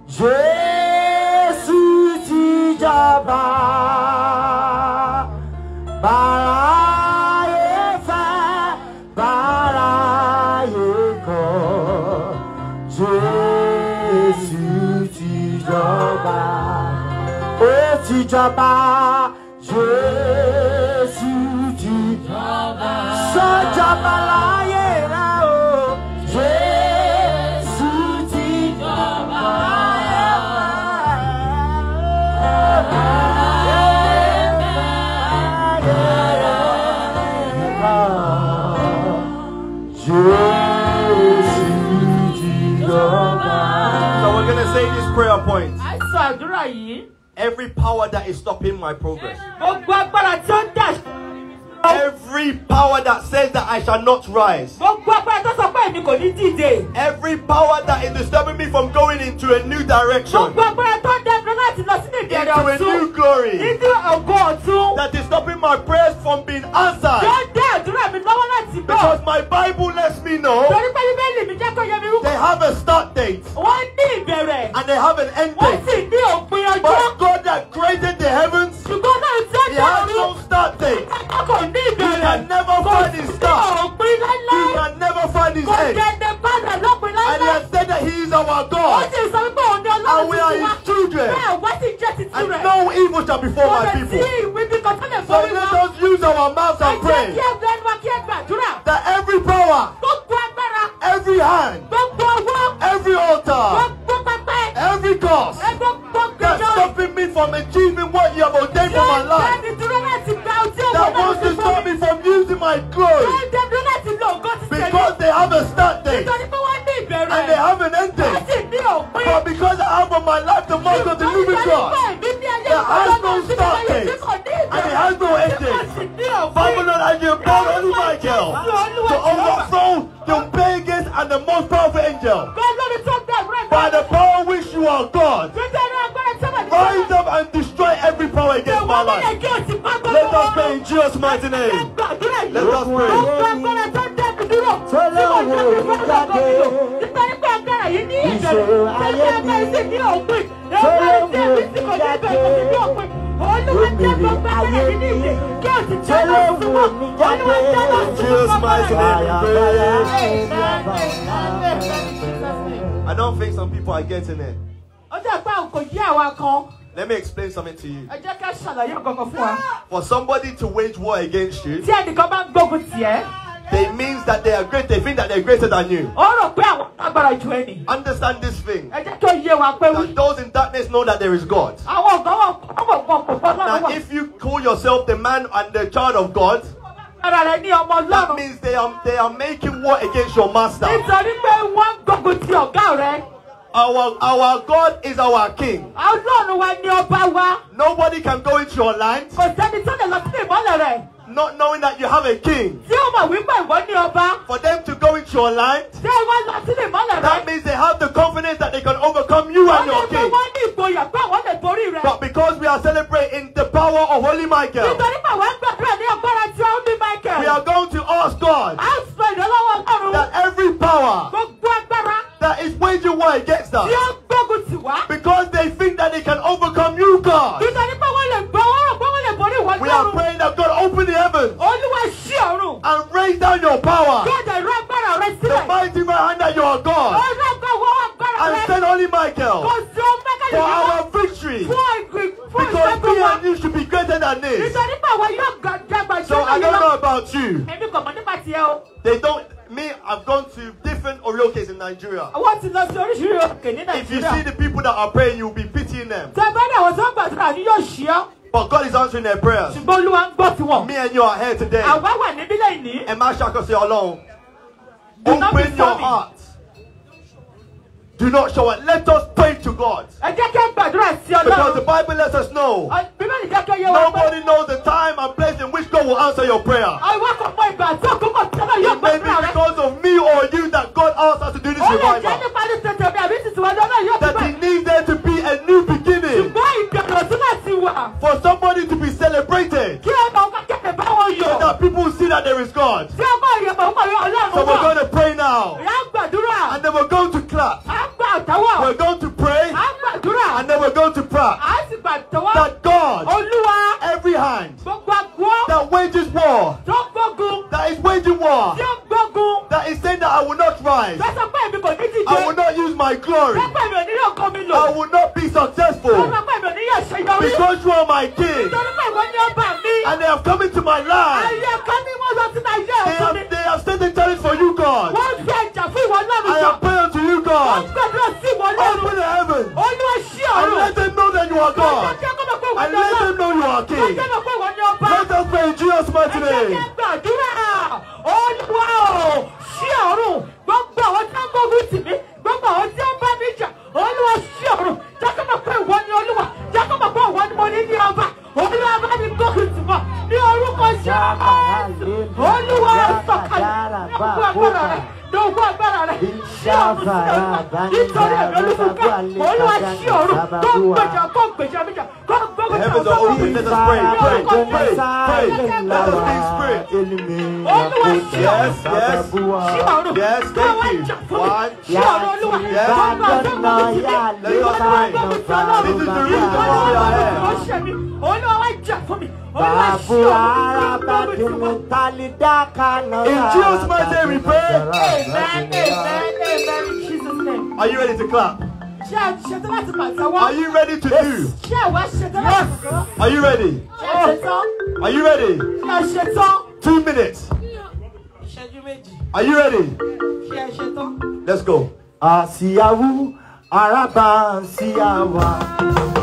D: Jésù ti
B: Tijaba, Jésus,
D: Tijaba, Sajabala.
B: that is stopping my progress. Every power that says that I shall not rise. Every power that is disturbing me from going into a new direction.
C: Into a new glory.
B: That is stopping my prayers from being answered. Because my Bible lets me know. They have a start date. And they have an ending. Wọ́n sì ní òpin ọjọ́. But God that created the heavens. Ṣùgbọ́n náà ṣe é dẹ̀rù. He has no start date. Kò ní ìbẹ̀rẹ̀. He can never find his start. Kò sí òpin láíláí. He can never find his end. Kò jẹ́ padà lópin láíláí. And he has said that he is our God. Ó sì sọ pé òun ni Ọlọ́run ti wá. And we are his children. Bẹ́ẹ̀ jẹ́ titi rẹ̀. And no evil shall befall my people. Kò we ìwé tó So let us use our mouths and pray. That every power. Every hand. from achieving what you have ordained for my life. That wants to stop me from using my clothes Because they have a start date.
D: And they have
B: an end date. But because I have on my life the mark of the living God. There has no start date.
D: And it has no end
B: date. Babylon has been born only Michael. To overthrow the biggest and the most powerful angel. Jesus
D: mighty name. Let us pray. Tọ́lá wo ìjáde. Ìgbàgbọ́ agbára yìí ní ìjọba. Tẹ́lẹ̀ ẹgbẹ́ ìsìn ní òpin. Tọ́lá wo ìjáde. Olúwa jẹ́ gbogbo agbára yìí ní ìjẹ́. Kí o sì jẹ́
B: lọ súnmọ́. Olúwa jẹ́ lọ súnmọ́ bàbá rẹ̀. I don't think some people are getting it. Ó jẹ́ pé àwọn kò yí àwa Let me explain something to you. For somebody to wage war against you, they means that they are great. They think that they're greater than you. Understand this thing. That those in darkness know that
F: there is God.
B: Now, if you call yourself the man and the child of God, that means they are they are making war against your master. Our our God is our king. Ọlọ́run wa ni Nobody can go into your land. Kò sẹ́ni tó lè lọ Not knowing that you have a king. Tí o my women For them to go into your land. That means they have the confidence that they can overcome you and your king. But because we are celebrating the power of Holy Michael. Michael. We are going to ask God. I say the Lord That every power that is waging war against us. Because they think that they can overcome you, God. We are praying that God open the heavens and raise down your power. The mighty right hand that you are God.
D: And send only
B: Michael for our victory. Because me and you should be greater than this. So I don't know about you. They don't me, I've gone to different orioles in Nigeria. If you see the people that are praying, you'll be pitying them. But God is answering their prayers. Me and you are here today. And my shall say alone. Open your heart. Do not show it. Let us pray to God. Because the Bible lets us know. Nobody knows the time and place in which God will answer your prayer. It may be because of me or you that God asked us to do this oh, revival. That he needs there to be a new beginning. For somebody to be celebrated. So that people see that there is God. So we're going to pray now. And then we're going to clap. We're going to pray. And then we're going to pray. That God, every hand that wages war, that is waging war, that is saying that I will not rise, I will not use my glory, I will not be successful because you are my king. And they have come into my life. They
C: have,
B: they have set the challenge for you, God. I am praying. God. Wọ́n gbàdúrà sí ìwọ lẹ́nu. Open heaven. Olúwa ṣí ọ̀run. And let them know that you are God. Wọ́n And let them know you are king. Let us pray in Jesus'
F: mighty name. Ẹ jẹ́
B: gbàdúrà. Olúwa oh, ò ṣí ọ̀run. Gbogbo àwọn tí wọ́n gbógun tì mí. Gbogbo àwọn tí wọ́n bá mi jà. Olúwa ṣí ọ̀run. Jẹ́ kọ́ mọ̀ pé wọ́n ní Olúwa. Jẹ́ kọ́ mọ̀ pé wọ́n ní mo ní ní ọba. Olúwa sọ̀kalẹ̀. Ní agbára rẹ̀ owó agbára rẹ̀
D: sí ọ̀run sí ọ̀run nítorí ẹ̀mí olúfúnkẹ́ olúwa sí ọ̀run tó ń gbèjà
B: tó ń gbèjà méjà tó ń gbógun tó ń gbógun mi orúkọ jésù
F: olúwa sí ọ̀run sí ọ̀run tó wá jà fún mi sí ọ̀run olúwa tó ń gbà tó ń gbógun sí mi ìwọ tó ń gbógun sí ọlọ́run ìwọ tó ń
B: gbógun sí ọṣẹ mi olúwa wá jà fún mi.
D: Babu araba
B: dimotali dakana. In Jesus' mighty name we pray. Amen, amen, amen. In Jesus' name. Are you ready to clap? Are you ready to do? Yes. Are you ready? Oh. Are you ready?
F: Two minutes. Are you ready? Let's go. Asiyahu, Araba, Siyawa.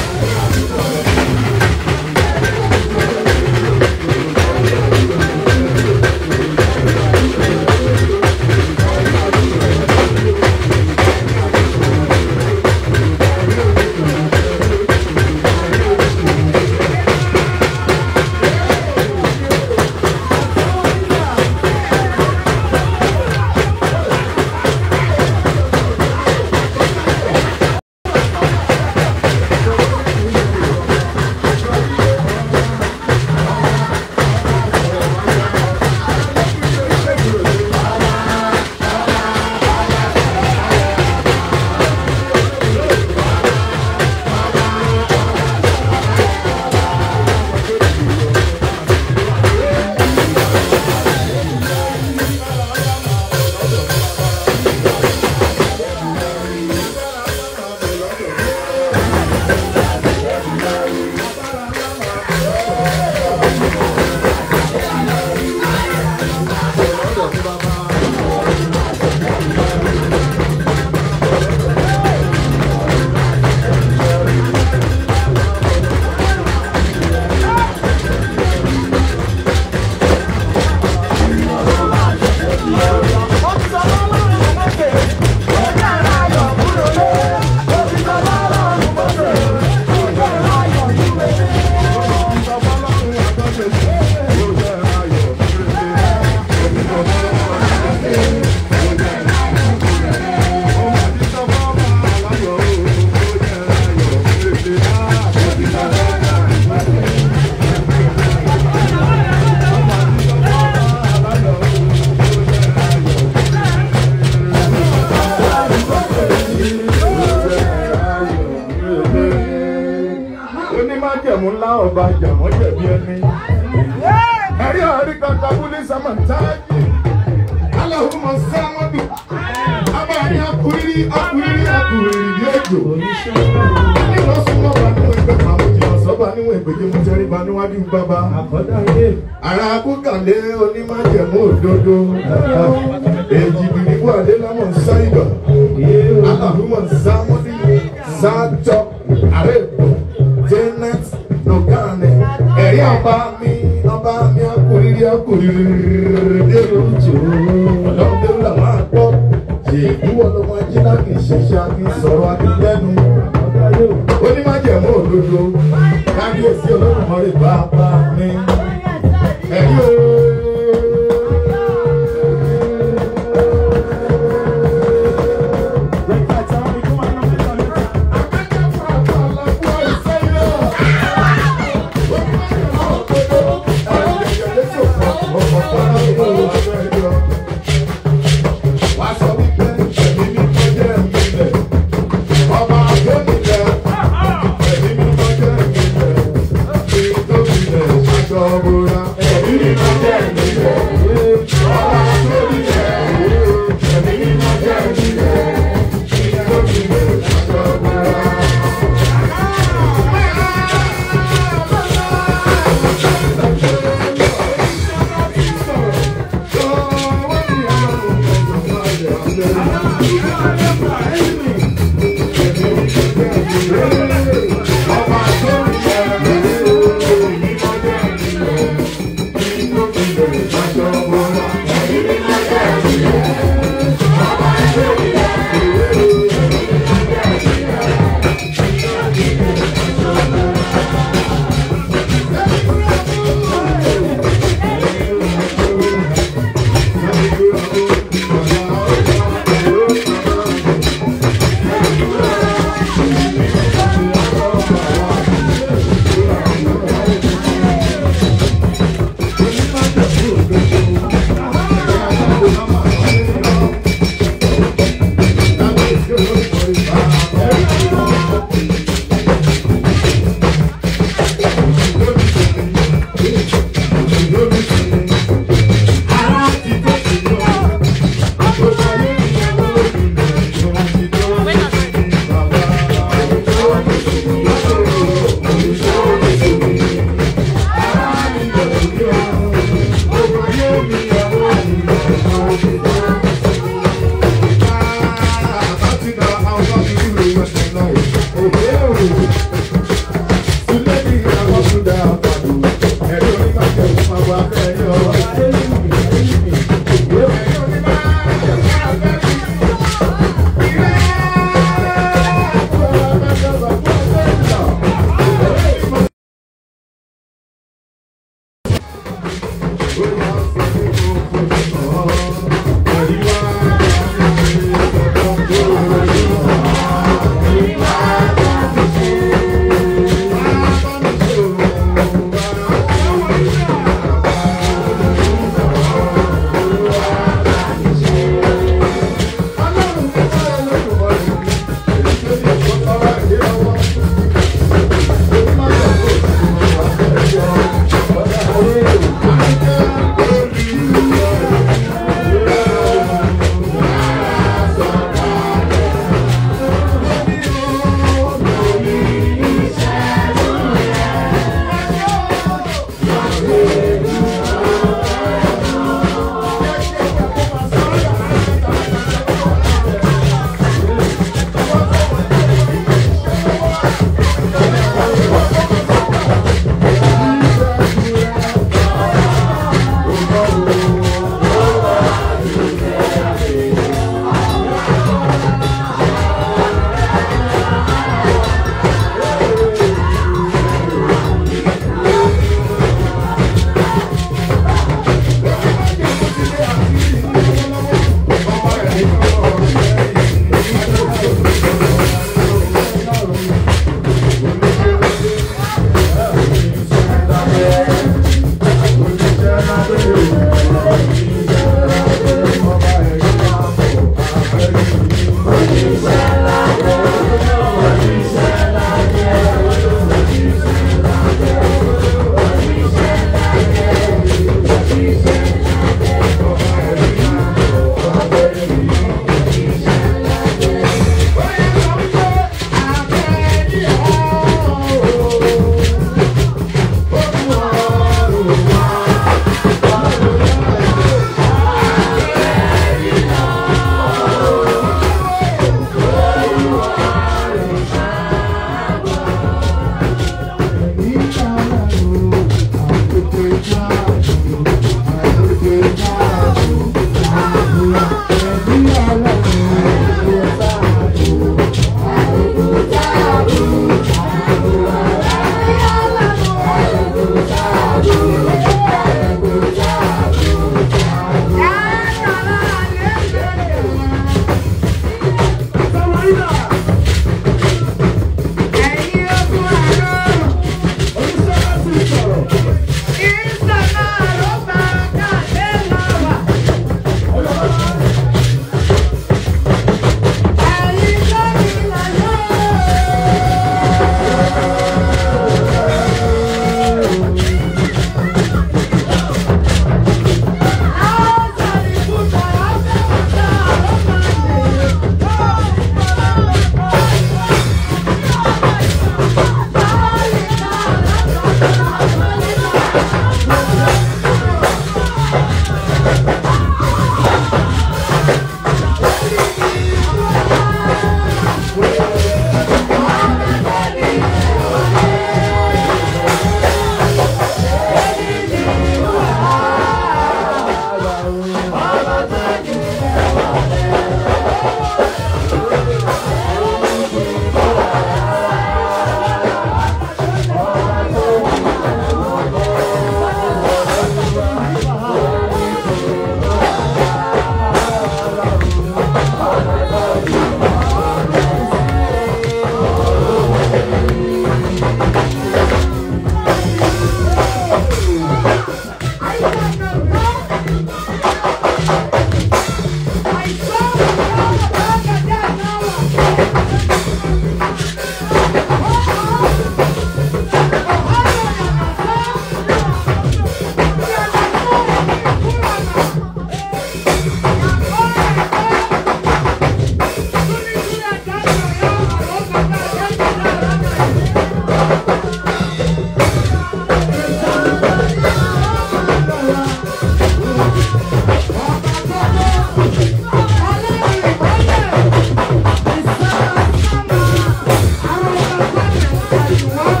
D: Thank you.